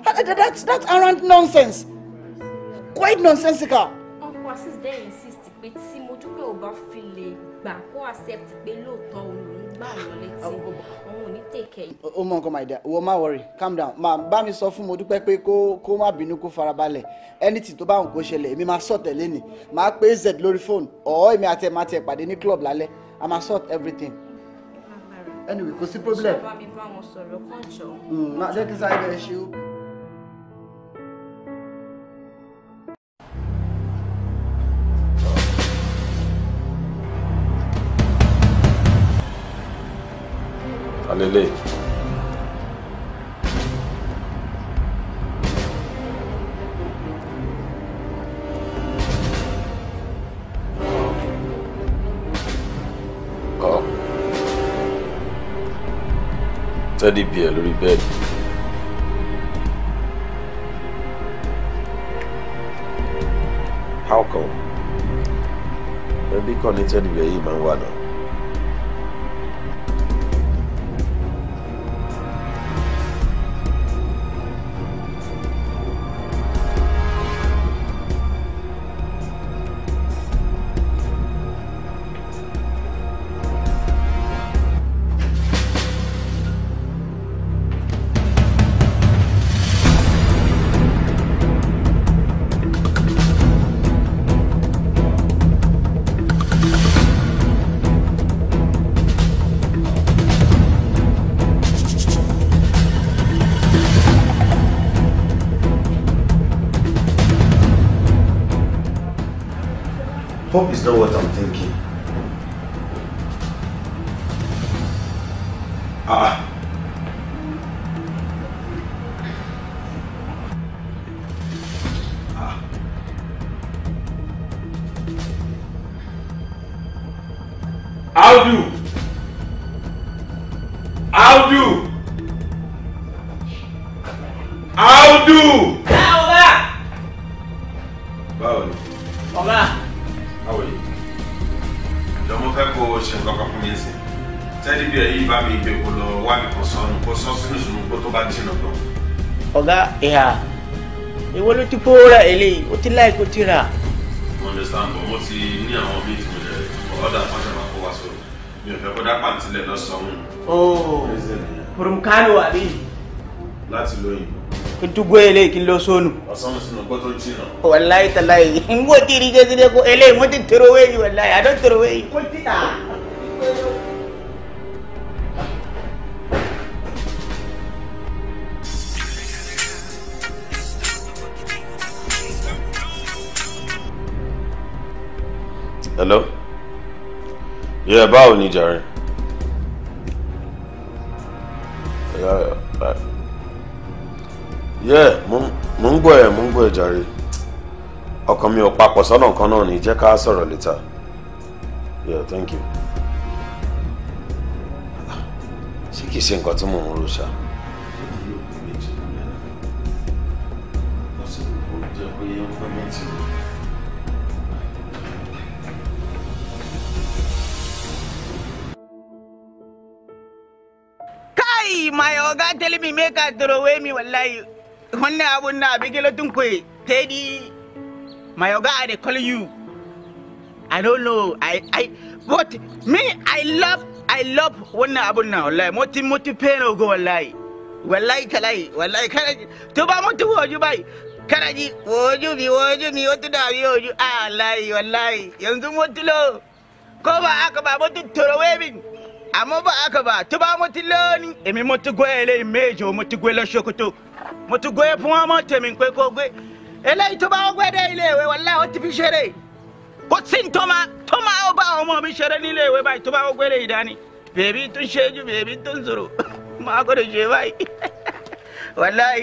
that that arrant nonsense quite nonsensical. uncle assist dey insist pé tí mo ò bá fi lè gbà kó accept pé lóòótọ́ òun gbà wọ́n létí òun ò ní tèkẹ́ yìí. ó mọ nǹkan máa dà wọ́n má worry calm down máa bá mi sọ fún mo dúpẹ́ pé kó kó má bínú kó farabalẹ̀ anything tó bá òun kó ṣẹlẹ̀ èmi máa sọ tẹ̀lé ni máa pé z lórí fóònù ọ̀ọ́ èmi àti ẹ̀ máa tiẹ̀ pàdé ní club lálẹ́ i ma sort everything anyway kò sí problem. ṣé bá mi bá wọn sọ̀rọ̀ kàn jọ. Hmm, jẹ́ kí sáré ẹ ṣe o. alele. tẹ́dí bíẹ̀ lórí bẹ́ẹ̀dì. how come ẹbí kan ní tẹ́dí bíẹ̀ yìí máa ń wà náà. ìhà ìwọ ló ti pòórá eléyìí ó ti láìkó ti rà. mo understand but mo ti ní àwọn bíi tí mo lè ọ̀dà fọ́nṣẹ́ máa kó wa sórí mi ò fẹ́ kó dá pàǹtí lẹ̀ lọ́sàn-án. ooo burúkánù àbí. láti lóyún. Dugbo eléyìí kí n lọ sónù. Ọ̀sán sínú gbọ́dọ̀ jìnnà. Wàláyé tàláyé. N kò tí ì rí jẹ́sídẹ́ ko eléyìí mo ti tẹ̀rọ wéyìí wàláyé, I don't tẹ̀rọ wéyìí. Kò tí ta. Yeah, báwo ni jàre? Yeah, mo ń gbọ́ ẹ̀ mo ń gbọ́ ẹ̀ jàre. Ọkàn mi ò papọ̀ sọ́nà kan náà ni jẹ́ ká sọ̀rọ̀ later. Yeah, thank you. Ah, ṣé kìí ṣe nǹkan tí mò ń rò ṣáà? wallahi my oga tell me make I throw away me wallahi wannan abun na bigila tun kwe teddy my oga I dey call you I don't know I I but me I love I love wannan abun na wallahi moti moti pain go wallahi wallahi kalai wallahi kalai to ba mutu waju bai kana ji waju bi waju mi wata da bi waju a ah, wallahi wallahi yanzu mutu lo ko ba aka ba mutu torowe min àmọ́ bá a kọ̀ bá tó bá mo ti lóní. èmi mo ti gbé eléyìí méje mo ti gbé lọ ṣòkòtò mo ti gbé fún ọmọ tèmi pé kó gbé eléyìí tó bá gbé dé ilé ìwé wọlé ó ti fi ṣeré kò sí ní tọ́mà tọ́mà ó bá ọmọ mi ṣeré ní ilé ìwé báyìí tó bá gbé lè dání bèbí tó ń ṣe jù bèbí tó ń sòrò máa gbọ́dọ̀ ṣe báyìí wàláì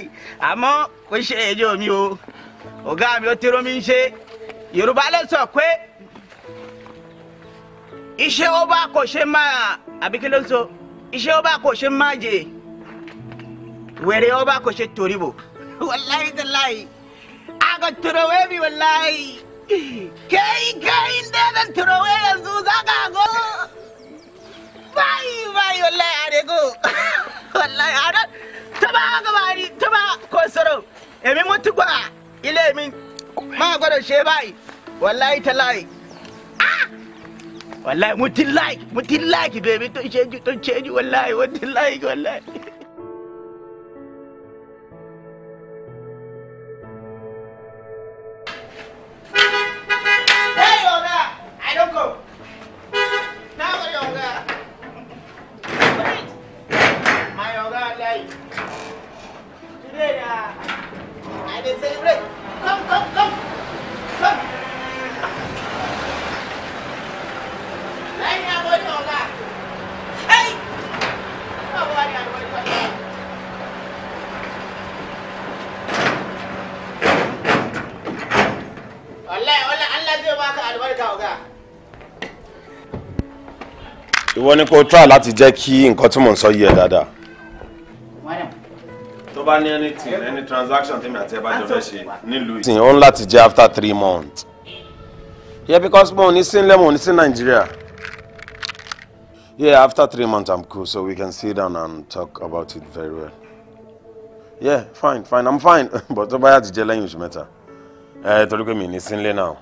àmọ́ kò ṣe ẹjọ́ mi o ọ̀gá mi ó ti rọ́ mi ṣe yorùbá ló sọ pé iṣẹ́ ó kò ṣe máa àbí kí ló ń sọ iṣẹ́ ọba kò ṣe má jè wẹ̀rẹ̀ ọba kò ṣe torí bò wàláyé tẹ̀láyé aka turawe mi wàláyé kai kai ndé na turawe yanzu za go bayi bayi wàláyé arego. go wàláyé are taba aka bari taba ko soro èmi mutu kwa ilé mi máa gbọ́dọ̀ ṣe báyìí wàláyé tẹ̀láyé wàláì mo ti like mo ti like bẹ̀rẹ̀ tó ṣẹ́jú tó ṣẹ́jú wàláì mo ti like wàláì. kó try láti jẹ́ kí nǹkan tí mò ń sọ yé ẹ dáadáa. tó bá ní anything any transaction tèmi àti ẹ bá jọ fẹ́ ṣe nílùú yìí. ó ń láti jẹ́ after three months. yeah because mo ní sí ńlẹ́ mo ní sí nàìjíríà. yeah after three months i'm cool so we can sit down and talk about it very well. yeah fine fine i'm fine but tó bá yà ti jẹ́ lẹ́yìn oṣù mẹ́ta ẹ eh, torí pé mi ní sí ńlẹ́ náà.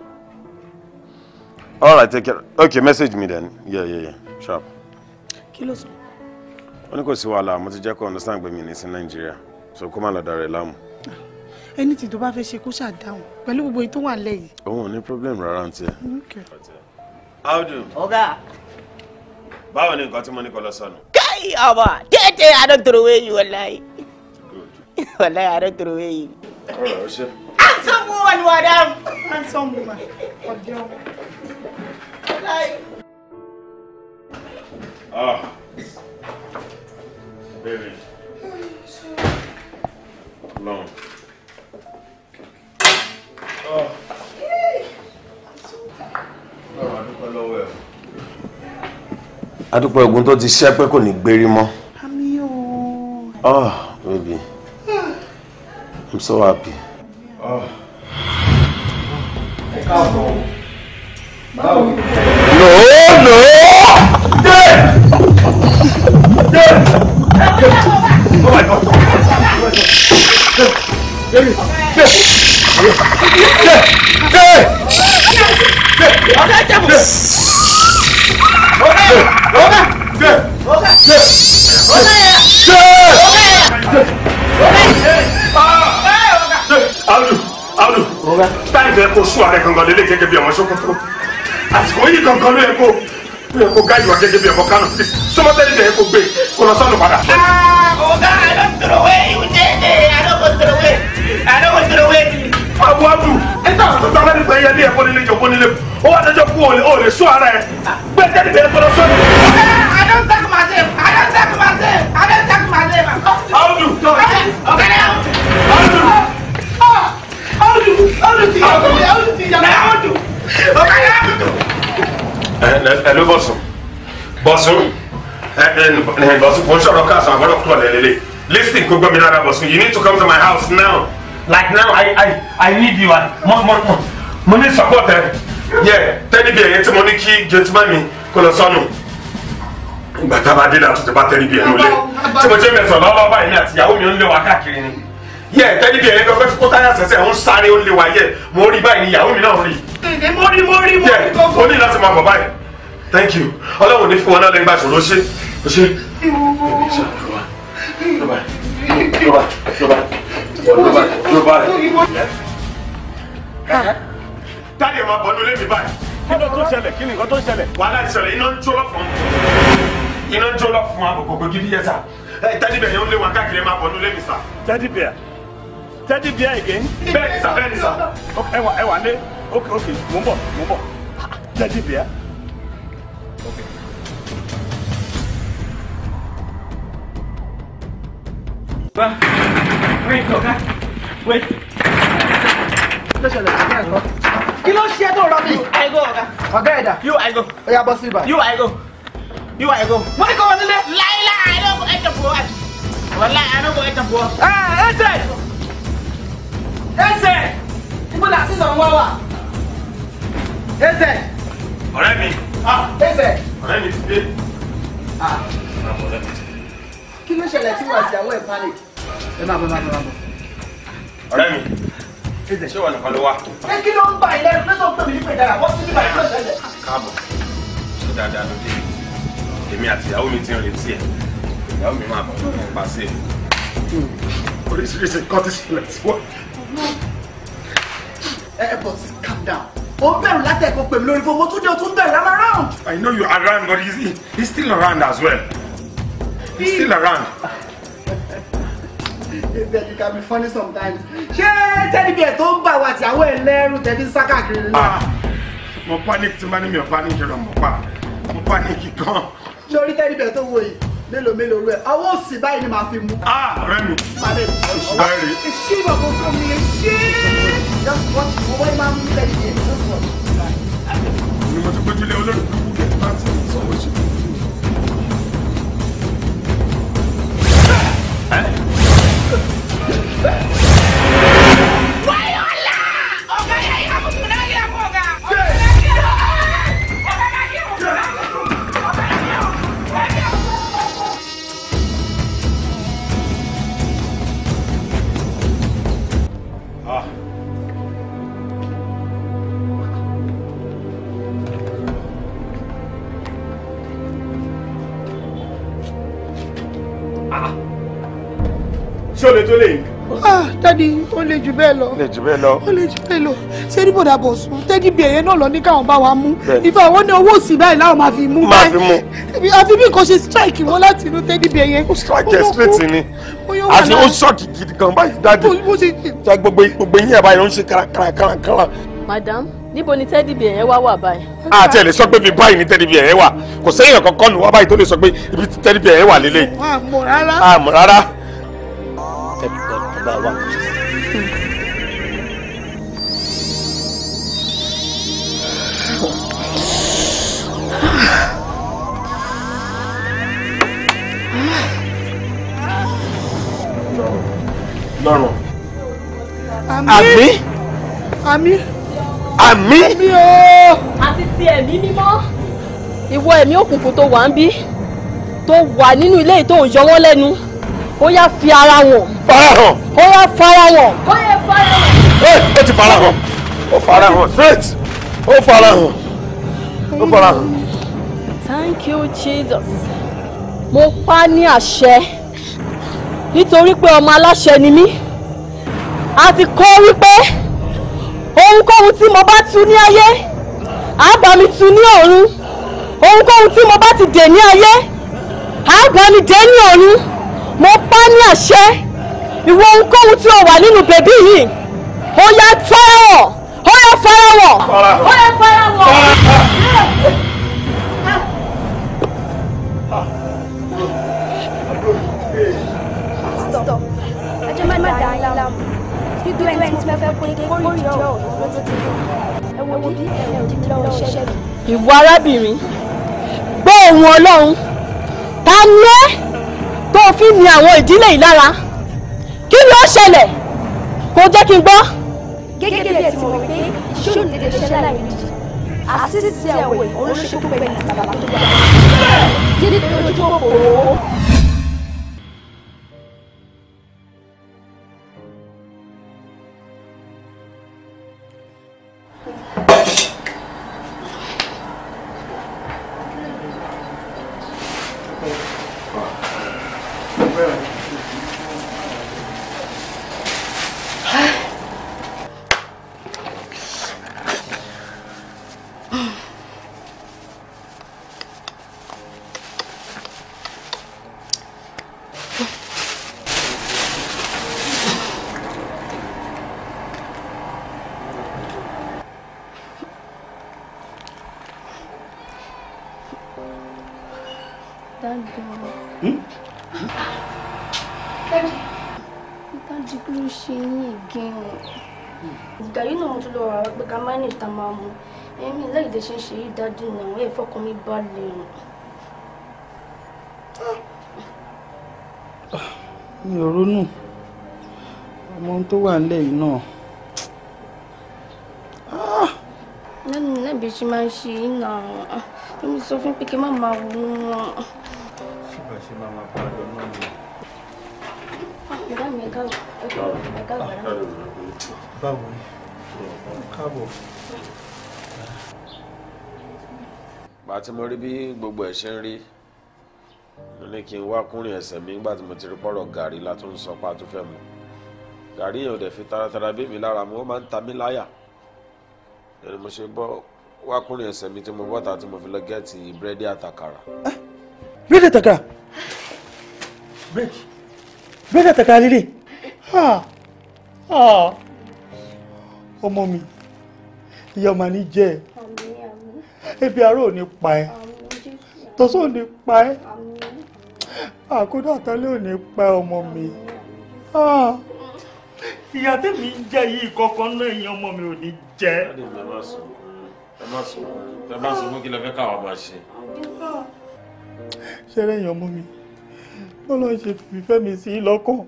All right, take care. Okay, message me then. Yeah, yeah, yeah. Sharp kí ló sọ. ó ní kò sí wàhálà mo ti jẹ́ kó understand pé mi ní sí nàìjíríà so kó má lọ dára ẹ láàmú. Ah, ẹni tí tó bá fẹ́ ṣe kó ṣàdáhùn pẹ̀lú gbogbo èyí tó wà nílẹ̀ yìí. òun ò ní problem rárá ń tiẹ̀. audu. ọ̀gá. báwo ni nǹkan tí mo ní kọ́ lọ sọnù. káyì ọmọ tètè adótòrò wẹ̀yìn wọláyì wọláyì adótòrò wẹ̀yìn. ọ̀rọ̀ ọ̀ṣẹ́. handsome woman madam handsome woman ọ̀dẹ́ ọmọ. Ah. Baby. Long. Oh. Ah. Adúpẹ́ ogun tó ti ṣẹ́ pé kò ní gbérí mọ́. Àmì ooo. Oh, ah, baby. I'm so happy. Oh. No, no kó sún ààrẹ kankan lélẹ̀ gẹ́gẹ́ bí ọmọ ṣókòtò àsìkò yìí kankan ló yẹ kó mi ẹ kó gáyìí wa gẹ́gẹ́ bí ẹ kó kánò please sọmọtẹ́lì tẹ̀ ẹ kó gbé kó lọ sọ́nù padà. Ah, ọ̀gá I don throw away you dey there I don go throw away I don go throw away. ẹ tàn sọ sọ lẹ́nu sẹ́yìn ẹni ẹ̀kọ́ nílé ìjọba nílé ó wà dájọ́ kú òòlè sọ ara ẹ gbẹ́tẹ́lì tẹ̀ ẹ kó lọ sọ́nù. Ah, I don sack my Eh, listen kó gbọ́ mi you need to come to my house now like now i i i need you I mo mo mo money support ẹ yẹ tẹ́lí bí ẹ̀yẹ tí mo ní kí gẹ́tìmọ́ mi kò lọ sọnù ìgbà tá a bá dé náà tó ti bá tẹ́lí bí ẹ̀yẹ lé tí mo jẹ́ mẹ́sàn-án lọ́wọ́ báyìí ní àtìyàwó mi ń lé wa káàkiri ni yẹ tẹ́lí bí ẹ̀yẹ lọ fẹ́ fi kó táyà sẹ̀sẹ̀ ń sáré ó lé wa yẹ mo rí báyìí ní ìyàwó mi náà rí. mo rí mo rí mo rí gbogbo. yẹ o ní láti máa bọ̀ báyìí thank you ọlọ́run ní fún wọn náà lẹ́gbàá ṣòro ṣe ṣe Táde máa bọ̀ nílé mi báyìí. Kí ló tó ṣẹlẹ̀? Kí ni nǹkan tó ṣẹlẹ̀? Wàhálà on. iná on. jó lọ́fun. Iná ń jó lọ́fun àbùkù gidi yẹ sá. Tẹ́dí bẹ̀rẹ̀ ń lé wọn káàkiri máa bọ̀ nílé mi sá. Tẹ́dí bẹ̀rẹ̀ Tẹ́dí bẹ̀rẹ̀ again. Bẹ́ẹ̀ni sá bẹ́ẹ̀ni sá. Ẹwà ẹwà lé. Ok ok mo ń bọ̀ mo ń bọ̀. Tẹ́dí bẹ̀rẹ̀. Wait, Ọ̀gá. Wait. Kí ló ṣe tó rọ mi? I go, Ọ̀gá. Ọ̀gá ẹ̀dá. You I go. Ó yá bọ́ sí ibà. You I go. You I go. Mo ní kọ́ wọn nílé. Láíláí, I don't go enter for us. Wàlá, I don't go enter for ah, us. Ẹ ẹsẹ̀. Ẹsẹ̀. Ibo la sísọ̀ ń wá wà. Ẹsẹ̀. Ọ̀rẹ́ mi. Ah, ẹsẹ̀. Ah. Ọ̀rẹ́ mi ti dé. Kí ló ṣẹlẹ̀ tí wàá sí àwọn ẹ̀ panic? ẹ máa bọ ẹ máa bọ ẹ máa bọ. ọ̀rẹ́ mi ṣé wà nìkan ló wà. ṣé kí ló ń bá ilé ẹni tó ń pè mí nípa ìdára wọ́n sì ní báyìí ló ṣẹlẹ̀. káàbọ̀ ṣé dáadáa ló dé èmi àti ìyàwó mi ti ń retí ẹ̀ ìyàwó mi máa bọ̀ lọ́nà ìpa sí ẹ̀. Hmm. oríṣiríṣi nǹkan ti ṣẹlẹ̀ sí wọ́n. ẹ calm down ó ń I know you around but he's, he's still around as well. He's still around they said you can be funny sometimes. ṣé tẹ́lẹ̀ bí ẹ̀ tó ń bà wá àti àwọn ẹlẹ́rù tẹ́lẹ̀ ń sá káàkiri náà. Ah, mo panic tí máa ní mi ò panic rẹ mo pa mo panic gan. lórí tẹ́lẹ̀ bí ẹ̀ tó wọ yìí mélòó mélòó rẹ ọwọ́ òsì báyìí ni màá fi mú. Ah, ọ̀rẹ́ mi ọ̀rẹ́ mi. ṣé ìbọ̀kọ̀ fún mi ṣé. just watch owó ìmáàmù tẹ́lẹ̀ bí ẹ̀ tó sọ̀rọ̀. ni mo ti gbójúlé olórí ṣé o lè tó lè yìí ah dadi ó lè jù bẹ́ẹ̀ lọ. ó lè jù bẹ́ẹ̀ lọ. ó lè jù bẹ́ẹ̀ lọ ṣé ní bòdà bọ̀ sùn tẹ́dí bí ẹ̀yẹ náà lọ ní káwọn bá wa mú ìfẹ́ àwọn ní owó òsì báyìí láwọn máa fi mú máa fi mú. àfi bí nǹkan ṣe strike wọn láti inú tẹ́dí bí ẹ̀yẹ. ó strike ẹ̀ straight ni àti ó ṣọ́ọ̀kì gidi gan báyìí dadi gbogbo yín ẹ̀ báyìí ló ń ṣe kárakárakára. madam níbo ni tẹ́dí bí ẹ̀yẹ wá wà báyìí. a ti ẹ̀ lè sọ pé mi báyìí ni tẹ́dí bí ẹ̀yẹ wà kò sẹ́yìn kankan nù wá báyìí tó lè sọ pé ibi tẹ́dí bí ẹ̀yẹ wà lélẹ̀. àmọ̀ rárá. àmọ̀ rárá tó bá wà kó ṣe sí. lọ́rùn. àmì. àmì. àmì. àmì o. àti ti ẹ̀mí mímọ́. ìwọ ẹ̀mí òkùnkùn tó wà ń bí tó wà nínú ilé yìí tó yọ wọ́n lẹ́nu ó yá fi ara wọn. fara hàn ó yẹ farahàn. ó yẹ farahàn. ó ti farahàn ó farahàn straight ó farahàn ó farahàn. thank you jesus mo pa ní àṣẹ nítorí pé ọmọ aláṣẹ ni mí a ti kọ́ wípé ohunkóhun tí mo bá tú ní ayé àbá mi tú ní ọ̀run ohunkóhun tí mo bá ti dè ní ayé àbá mi dè ní ọ̀run mo pa ní àṣẹ ìwọ ohunkóhun tí ó wà nínú bèbí yìí ó yá fáráwọ̀ ó yá fáráwọ̀ ó yá fáráwọ̀. gbígbé ẹni tí mo fẹ́ kó kórìí jẹ́ òun ló ti tẹ̀. ẹ wo bí ẹ ò ti lọ ṣẹlẹ̀. ìwọ arábìnrin gbọ́ ohùn ọlọ́run ta ní ẹ́ tó fi ní àwọn ìdílé yìí lára kí ni ó ṣẹlẹ̀ kò jẹ́ kí n gbọ́. gẹ́gẹ́ bí ẹ̀sìn wọ̀ pé ṣó lè lè ṣẹlẹ̀ láì méjì àṣìṣe àwẹ̀ olóṣèlú pẹ̀lú àbàbà tó bá yẹ kí lójú òpó. manage tá a máa mú èmi lẹ́yìn tẹ́ ṣe ń ṣe yí dájú ni àwọn ẹ̀fọ́ kan mi bá lè rìn. mi ò ronú ọmọ tó wà nílẹ̀ yìí náà. lẹ́nu lẹ́bi ṣe máa ń ṣe yín náà èmi sọ fún pé kí n má máa wú wọn. ṣùgbọ́n ṣe máa máa bá lọ náà ni. báwo ni káàbọ̀. bá a ti mọ rí bí gbogbo ẹ̀ ṣe ń rí mo ní kí n wá kúnrin ẹ̀sẹ̀ mi nígbà tí mo ti rí pọ̀rọ̀ gàrí látún sọ pa tó fẹ́ mu gàrí yẹn ò dẹ̀ fi taratara bí mi lára mu ó máa ń ta mí láyà ẹni mo ṣe bọ́ wá kúnrin ẹ̀sẹ̀ mi tí mo bọ́ta tí mo fi lọ gẹ́ẹ̀tì ah, búrẹ́dì àtàkàrà. búrẹ́dì àtàkàrà búrẹ́dì àtàkàrà líle ah, ah, ọmọ mi ìyá ọmọ ní jẹ́ ẹ ebi aró ò ní pa ẹ tọ́sọ́ ò ní pa ẹ àkódà tálẹ́ ò ní pa ọmọ mi ìyá tèmi ń jẹ yìí kọ̀ọ̀kan náà ìyá ọmọ mi ò ní jẹ. ẹ má sọ ẹ má sọ fún kí lè fẹ́ káwa máa ṣe. ṣé lẹ́yìn ọmọ mi bọ́lá ń ṣe fìfẹ́ mi sí lọ́kàn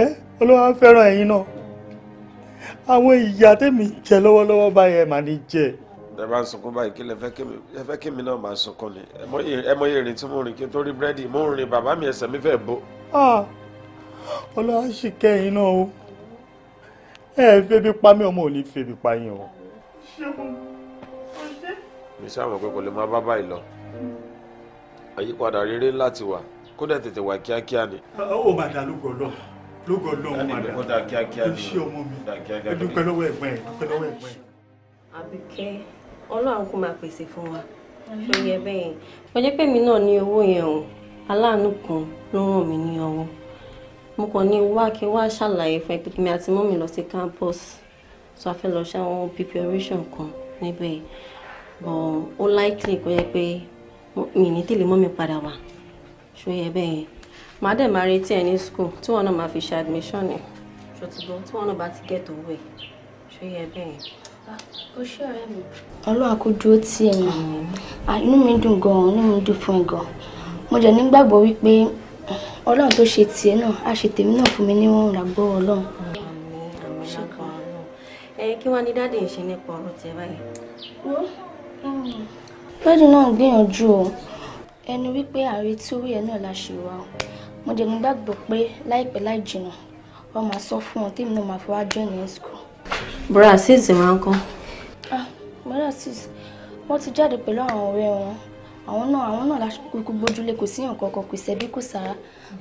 ẹ́ olówó ẹ̀yin náà àwọn ìyá tèmi jẹ lọ́wọ́lọ́wọ́ báyìí ẹ̀ máa ní jẹ. ẹ bá ń sunkún báyìí kí lẹ fẹ́ kí mi náà máa sunkún ni ẹ mọ iye rìn tí mo rìn kí n tó rí búrẹ́dì mo rìn bàbá mi ẹsẹ̀ mi fẹ́ bó. ọlọ́wà sì kẹ́yìn náà o ẹ febi pa mí ọmọ ò ní febi pa yín o. mi sáwọn pé kò lè máa bá báyìí lọ àyípadà rere ńlá ti wà kó dẹ̀ tètè wà kíákíá ni. ó mà dàlú gbọ́dọ̀ lógo ọlọ́run padà ó ọmọ mi ó dúpẹ́ lọ́wọ́ ẹ̀gbọ́n ẹ̀ dúpẹ́ lọ́wọ́ ẹ̀gbọ́n àbíkẹ́ ọlọ́run kò máa pèsè fún wa lórí ẹbẹ̀ yẹn mo jẹ́ pé mi náà ní owó yẹn o aláàánú kan ló ràn mí ní ọwọ́ mo kàn ní wá kí wá ṣàlàyé fún ẹ mi àti mọ́mi lọ sí campus so a fẹ́ lọ ṣe àwọn preparation kan níbẹ̀ bọ̀ ó likely kó yẹ pé mi ní tèlé mọ́mi padà wá ṣó yẹ yẹn màá dẹ̀ máa retí ẹ ní school tí wọn náà máa fi ṣe admission ni ṣòtúbọ tí wọn náà bá ti get owó ẹ ṣó yẹ bẹ́ẹ̀ yẹn. Ah, ọlọ́wà kò dúró tì ẹ̀yìn ah, inú mi dùn gan-an inú mi dùn fún ẹ gan-an mo jẹ́ nígbàgbọ́ wípé ọlọ́run tó ṣe tiẹ̀ náà á ṣe tèmi náà fún mi níwọ̀n ìràgbọ́ ọlọ́run. ẹyin kí wàá ní dáàdì ń ṣe nípa ọ̀rọ̀ tẹ báyìí. dáàdì náà ń gbìyànjú o ẹnu wípé àrètí owó yẹn náà la ṣe wá o mo dẹ̀ nígbàgbọ́ pé láìpẹ́ láì jìnnà wọ́n máa sọ fún wọn tèmi náà máa fi wá join ní school. bro azeez ah bro azeez wọ́n ti jáde pẹ̀lú àwọn ọ̀rẹ́ wọn àwọn náà àwọn náà lákòókò gbójúlé kò síyàn kankan kò sẹ́bí kò sára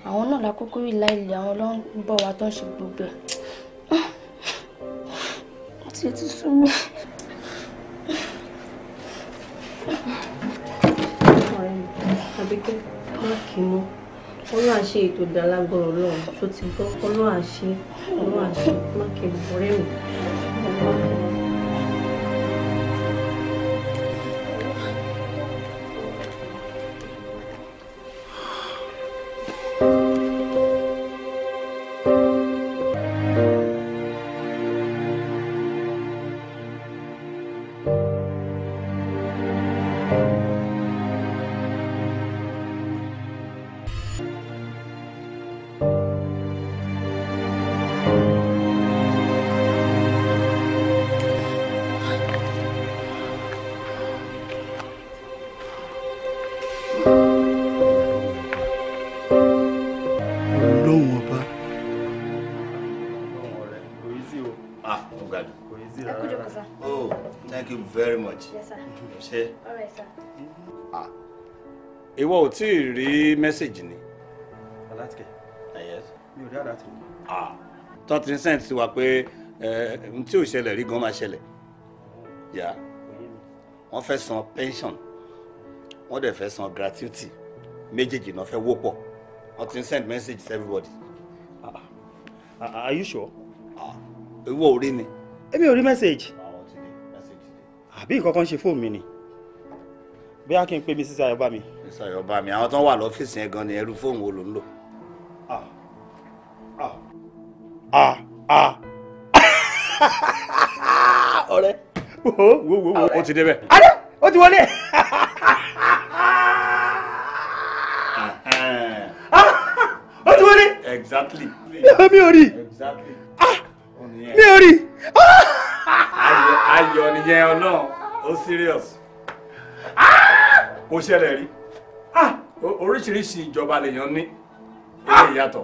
àwọn náà lákòókò rí láìlè àwọn ló ń bọ̀ wá tó ń ṣe gbogbo ẹ̀. wọ́n ti tún sún mi. ọ̀rẹ́ mi àbíkẹ́ má kì olóhà ṣe ètò ìdálágbọ̀rọ̀ ọlọ́run tó ti gbọ́ olóhà ṣe olóhà ṣe mákèlè ọ̀rẹ́ mi. ṣiṣẹ́. alright sir. ah ìwọ ò tí ì rí mẹ́sàgì ni. alátìkẹ́ ah, yes. mi ò rí àdá ah tó ti ń sẹ́ǹtì sí wa pé ohun tí ò ṣẹlẹ̀ rí gan máa ṣẹlẹ̀ wọ́n fẹ́ san pension wọ́n dẹ̀ fẹ́ san gratuity méjèèjì náà fẹ́ wó pọ̀ wọ́n ti ń send message to everybody. Ah, ah, are you sure. ah ìwọ ò rí ni. èmi ò rí message. àbí nǹkan kan ṣe fóònù mi ni bóyá kí n pè mí ayọ̀bá mi. sísè ayọ̀bá mi àwọn tó wà lọ́fíìsì yẹn gan ni ẹrú fóònù wo ló ń lò. ọ̀rẹ́ wo wo wo o ti débẹ̀. adé o ti wọlé. o ti wọlé. exactly. mi ò rí. exactly. mi ò rí. ayọ̀ nìyẹn ọlọ́run ó serious kò ṣẹlẹ̀ rí ah! oríṣiríṣi ìjọba lèèyàn ní ilé ah! ìyàtọ̀.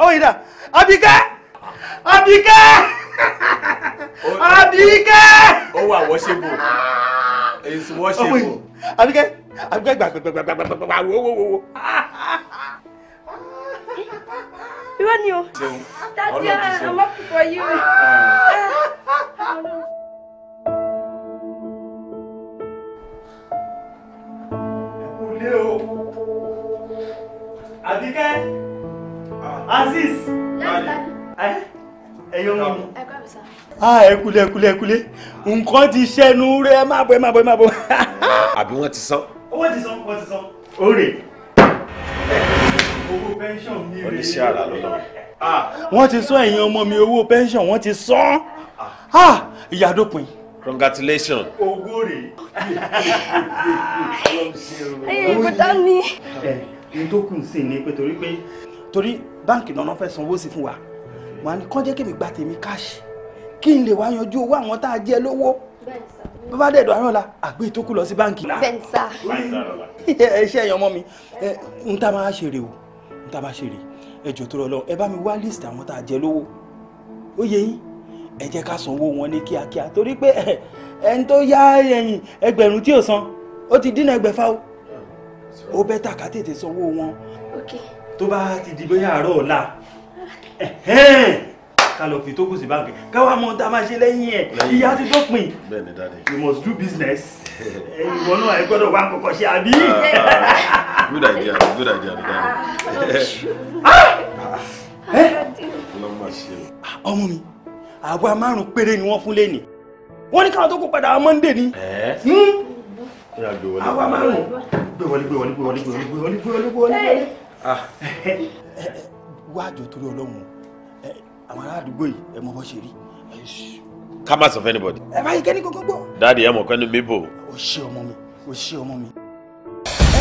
ọ̀hún ìdá Àbíkẹ́ Àbíkẹ́ Àbíkẹ́. ó wà wọ́ṣẹ́bù èsì wọ́ṣẹ́bù. Àbíkẹ́ Àbíkẹ́ gbàgbàgbàgbàgbàgbà wo wo wo irọ́ ni o dájú ọmọ púpọ̀ yìí o. Aziz. Ẹyọ mọ mi. Ah ẹ kúlé kúlé kúlé. Nǹkan ti ṣẹnu rẹ̀ ẹ má bọ̀ ẹ má bọ̀ ẹ má bọ̀. Àbí wọ́n ti sán. Wọ́n ti sán wọ́n ti sán. Ó oníṣẹ́ àrà lọ́lọ́ wọ́n ti sọ ẹ̀yin ọmọ mi owó pension wọ́n ti sọ ọ́ ìyá dópin. congratulations. owó rè é. kò dá mi. ẹ ní tó kù sí ni pé torí pé torí báǹkì náà fẹ́ sanwó sí fún wa màá ní kán jẹ́ kí mi gba tèmi káàṣì kí n lè wá yanjú owó àwọn tá a jẹ lówó bàbá dẹ̀dọ̀ àrọ́lá àgbé e tó kù lọ sí báǹkì. bẹ́ẹ̀ sá. ẹ ṣe ẹ̀yàn ọmọ mi n ta máa ṣe rè o tá a bá ṣe rè ẹ jọ̀ọ́ tó rọ lọ́rùn ẹ bá mi wá list àwọn tá a jẹ lówó ó yẹ yín ẹ jẹ́ ká sanwó wọn ní kíákíá torí pé ẹni tó yá ẹ̀yìn ẹgbẹ̀rún tí ò san ó ti dínà ẹgbẹ̀fà o ó bẹ́tà ká tètè sanwó wọn tó bá ti di bóyá àárọ̀ ọ̀la ká lọ fi tó kù sí báńkì ká wá mọ tá a máa ṣe lẹ́yìn ẹ̀ ìyá ti dópin you must do business ìwọ náà ẹ gbọ́dọ̀ wá kọ̀kọ̀ ṣe àbí. good idea good idea eh? ọmọ mi àwa márùn péré ni wọ́n fún lẹ́nì wọ́n ní káwọn tó kó padà Monday ni eh? hmm? àwa márùn gbé wọlé gbé wọlé gbé wọlé gbé wọlé gbé wọlé gbé wọlé ah. eh, wá àjọ torí ọlọ́run àwọn ará àdúgbò yìí ẹ mọ bó ṣe rí. ká má sọ fẹ́ anybody. ẹ báyìí kẹ́ni kókó gbọ́. dáàdi ẹ mọ̀ kẹ́ni mi bò. o ṣé ọmọ mi o ṣé ọmọ mi.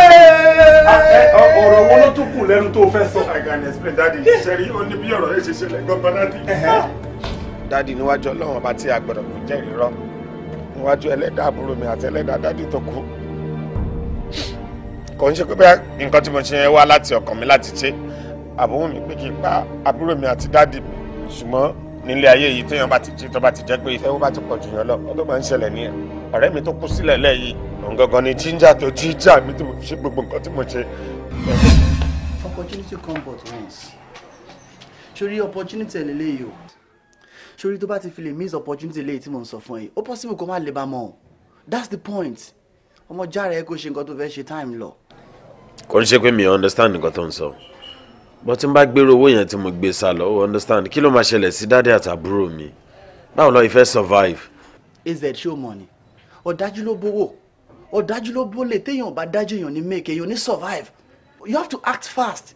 Ah, eh, ọ̀rọ̀ wo ló tún kù lẹ́nu tó fẹ́ sọ. I can explain dadi ṣẹ́rí ó ní bí ọ̀rọ̀ yìí ṣe ṣẹlẹ̀ gbọ́n dadi. dadi níwájú ọlọ́run ọba tí a gbọ́dọ̀ kò jẹ́ irọ́ níwájú ẹlẹ́dàá àbúrò mi àti ẹlẹ́dàá dadi tó kù. kò ń ṣe pé bẹ́ẹ̀ nǹkan tí mo ṣe wá láti ọkàn mi láti ṣe àbúrò mi pé kí n pa àbúrò mi àti dadi mi ṣùgbọ́n nílé ayé yìí téèyàn bá ti jí tó bá ti jẹ́ pé ìfẹ́ wọn bá ti pọ̀ jù yàn lọ ọdún máa ń ṣẹlẹ̀ nìyẹn ọ̀rẹ́ mi tó kú sílẹ̀ lẹ́yìn òun gangan ni jíjà tó jíjà mi tí ṣe gbogbo nǹkan tí mo ṣe. opportunity come but once sórí opportunity ẹ̀ lélẹ́yìí o sórí tó bá ti fi lè miss opportunity lẹ́yìn tí mo ń sọ fún ẹ ó possible kó má lè bá mọ́ that's the point ọmọ járe ẹ kó ṣe nǹkan tó fẹ́ ṣe time lọ. kò ń ṣe pé mi understand nǹkan tó ń sọ. So bó tí n bá gbèrò owó yẹn tí mo gbé sá lọ o understand kí ló máa ṣẹlẹ̀ sí dáadé àtàbúrò mi báwo lọ ìfẹ́ survive. az ṣó mọ̀ ni ọ̀dájú ló bówó ọ̀dájú ló bólè téèyàn bá dájú èèyàn ní make èèyàn ní survive you have to act fast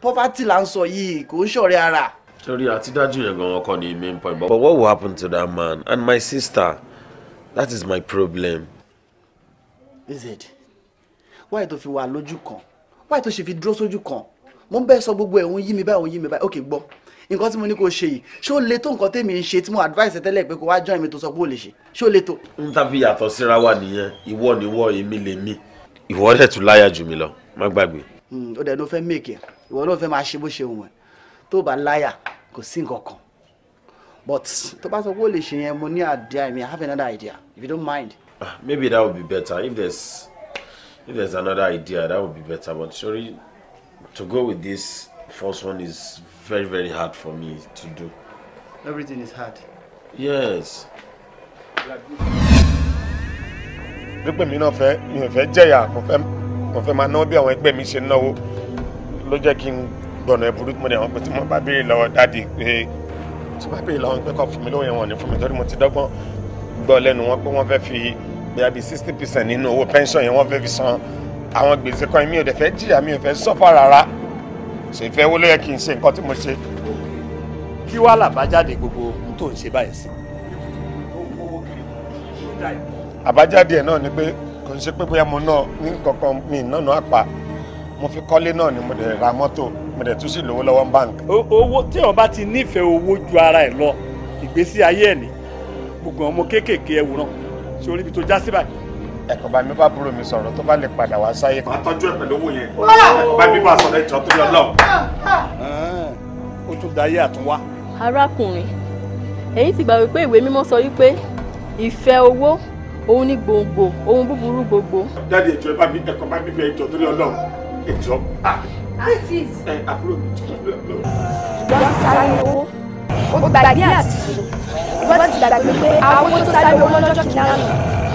poverty là ń sọ yìí kò ń ṣọ̀rẹ́ ara. torí àti dájú yẹn gan-an ni main point. but what will happen to that man and my sister that is my problem. az wáyé tó fi wà lójú kan wáyé tó ṣe fi dúró sójú kan mo ń bẹ́ẹ̀ sọ gbogbo ẹ̀ òun yí mi báyìí òun yí mi báyìí ok gbọ́ nǹkan tí mo ní kó ṣe yìí ṣé ó le tó nǹkan tèmi ń ṣe tí mo advice tẹ́lẹ̀ pé kó wá join mi tó sọ pé ó lè ṣe ṣé ó le tó. n ta fi yàtọ̀ síra wa nìyẹn ìwọ níwọ èmi lè mí ìwọ rẹ̀ tún láyà jù mí lọ má gbàgbé. Hmm, ó dẹ̀ ló fẹ́ make ẹ̀ ìwọ náà fẹ́ máa ṣe bó ṣe wù ẹ́ tó bá láyà kò sí nǹkan kan but tó bá sọ pé ó lè ṣe yẹn mo ní idea mi I have another idea if you don't mind. Ah, maybe that would be better if there's if there's another idea that would be better but sorry to go with this first one is very very hard for me to do. Everything is hard. Yes. pípẹ́ mi náà fẹ́ mi ò fẹ́ jẹ̀yà mo fẹ́ mo fẹ́ máa náwó bí àwọn ẹgbẹ́ mi ṣe náwó ló jẹ́ kí n gbọ̀nà ẹ̀bùrú mo dẹ̀ wọ́n pé tí mo bá béèrè lọ́wọ́ dáàdi pé tí mo bá béèrè lọ́wọ́ pé kọ́ mi lóhùn yẹn wọ̀n ní mi torí mo ti dọ́gbọ́n gbọ́ lẹ́nu wọn pé wọ́n fẹ́ fi bíi sixty percent nínú pension yẹn wọ́n fẹ́ fi san àwọn gbèsè kan mi ò dẹ̀ fẹ́ jìyà mi ò fẹ́ sọ́fà rárá ṣe fẹ́ wọlé yẹ kí n ṣe nǹkan tí mo ṣe. kí wàá làbájáde gbogbo ohun tó ń ṣe báyìí sí. àbájáde ẹ̀ náà ni pé kò ń ṣe pé bóyá mo náà ní kankan mi nánà àpá mo fi kọ́lé náà ni mo dẹ̀ ra mọ́tò mo dẹ̀ tún sì lówó lọ́wọ́ báńkì. owó tí wọn bá ti nífẹ̀ẹ́ owó ju ara ẹ̀ lọ ìgbésí ayé ẹ̀ ní gbogbo ọmọ kéékèèké ẹ̀ wòran ṣé ibi tó já sí báyìí ẹ̀kọ́ bá mi bá búrò mi sọ̀rọ̀ tó bá lè padà wá sáyé. máa tọ́jú ẹ̀ pẹ̀lú owó yẹn ẹ̀kọ́ bá mi bá sọ̀rọ̀ ìjọ tó yọ lọ́wọ́. ó tún da ayé àtúnwá. arákùnrin èyí ti gbà wípé ìwé mímọ́ sọ wípé ìfẹ́ owó òun ní gbogbo ohun búburú gbogbo. dáàdi ìjọ bá mi ẹ̀kọ́ bá mi bẹ ìjọ tó yọ lọ́wọ́ ìjọ àbúrò mi jọ lọ́wọ́. ìjọ sáré owó ó gbàgbé àtìsó ìwọ́n ti gbàgbé pé àwọn owó tó sáré owó lọ́jọ́ kìnnìkan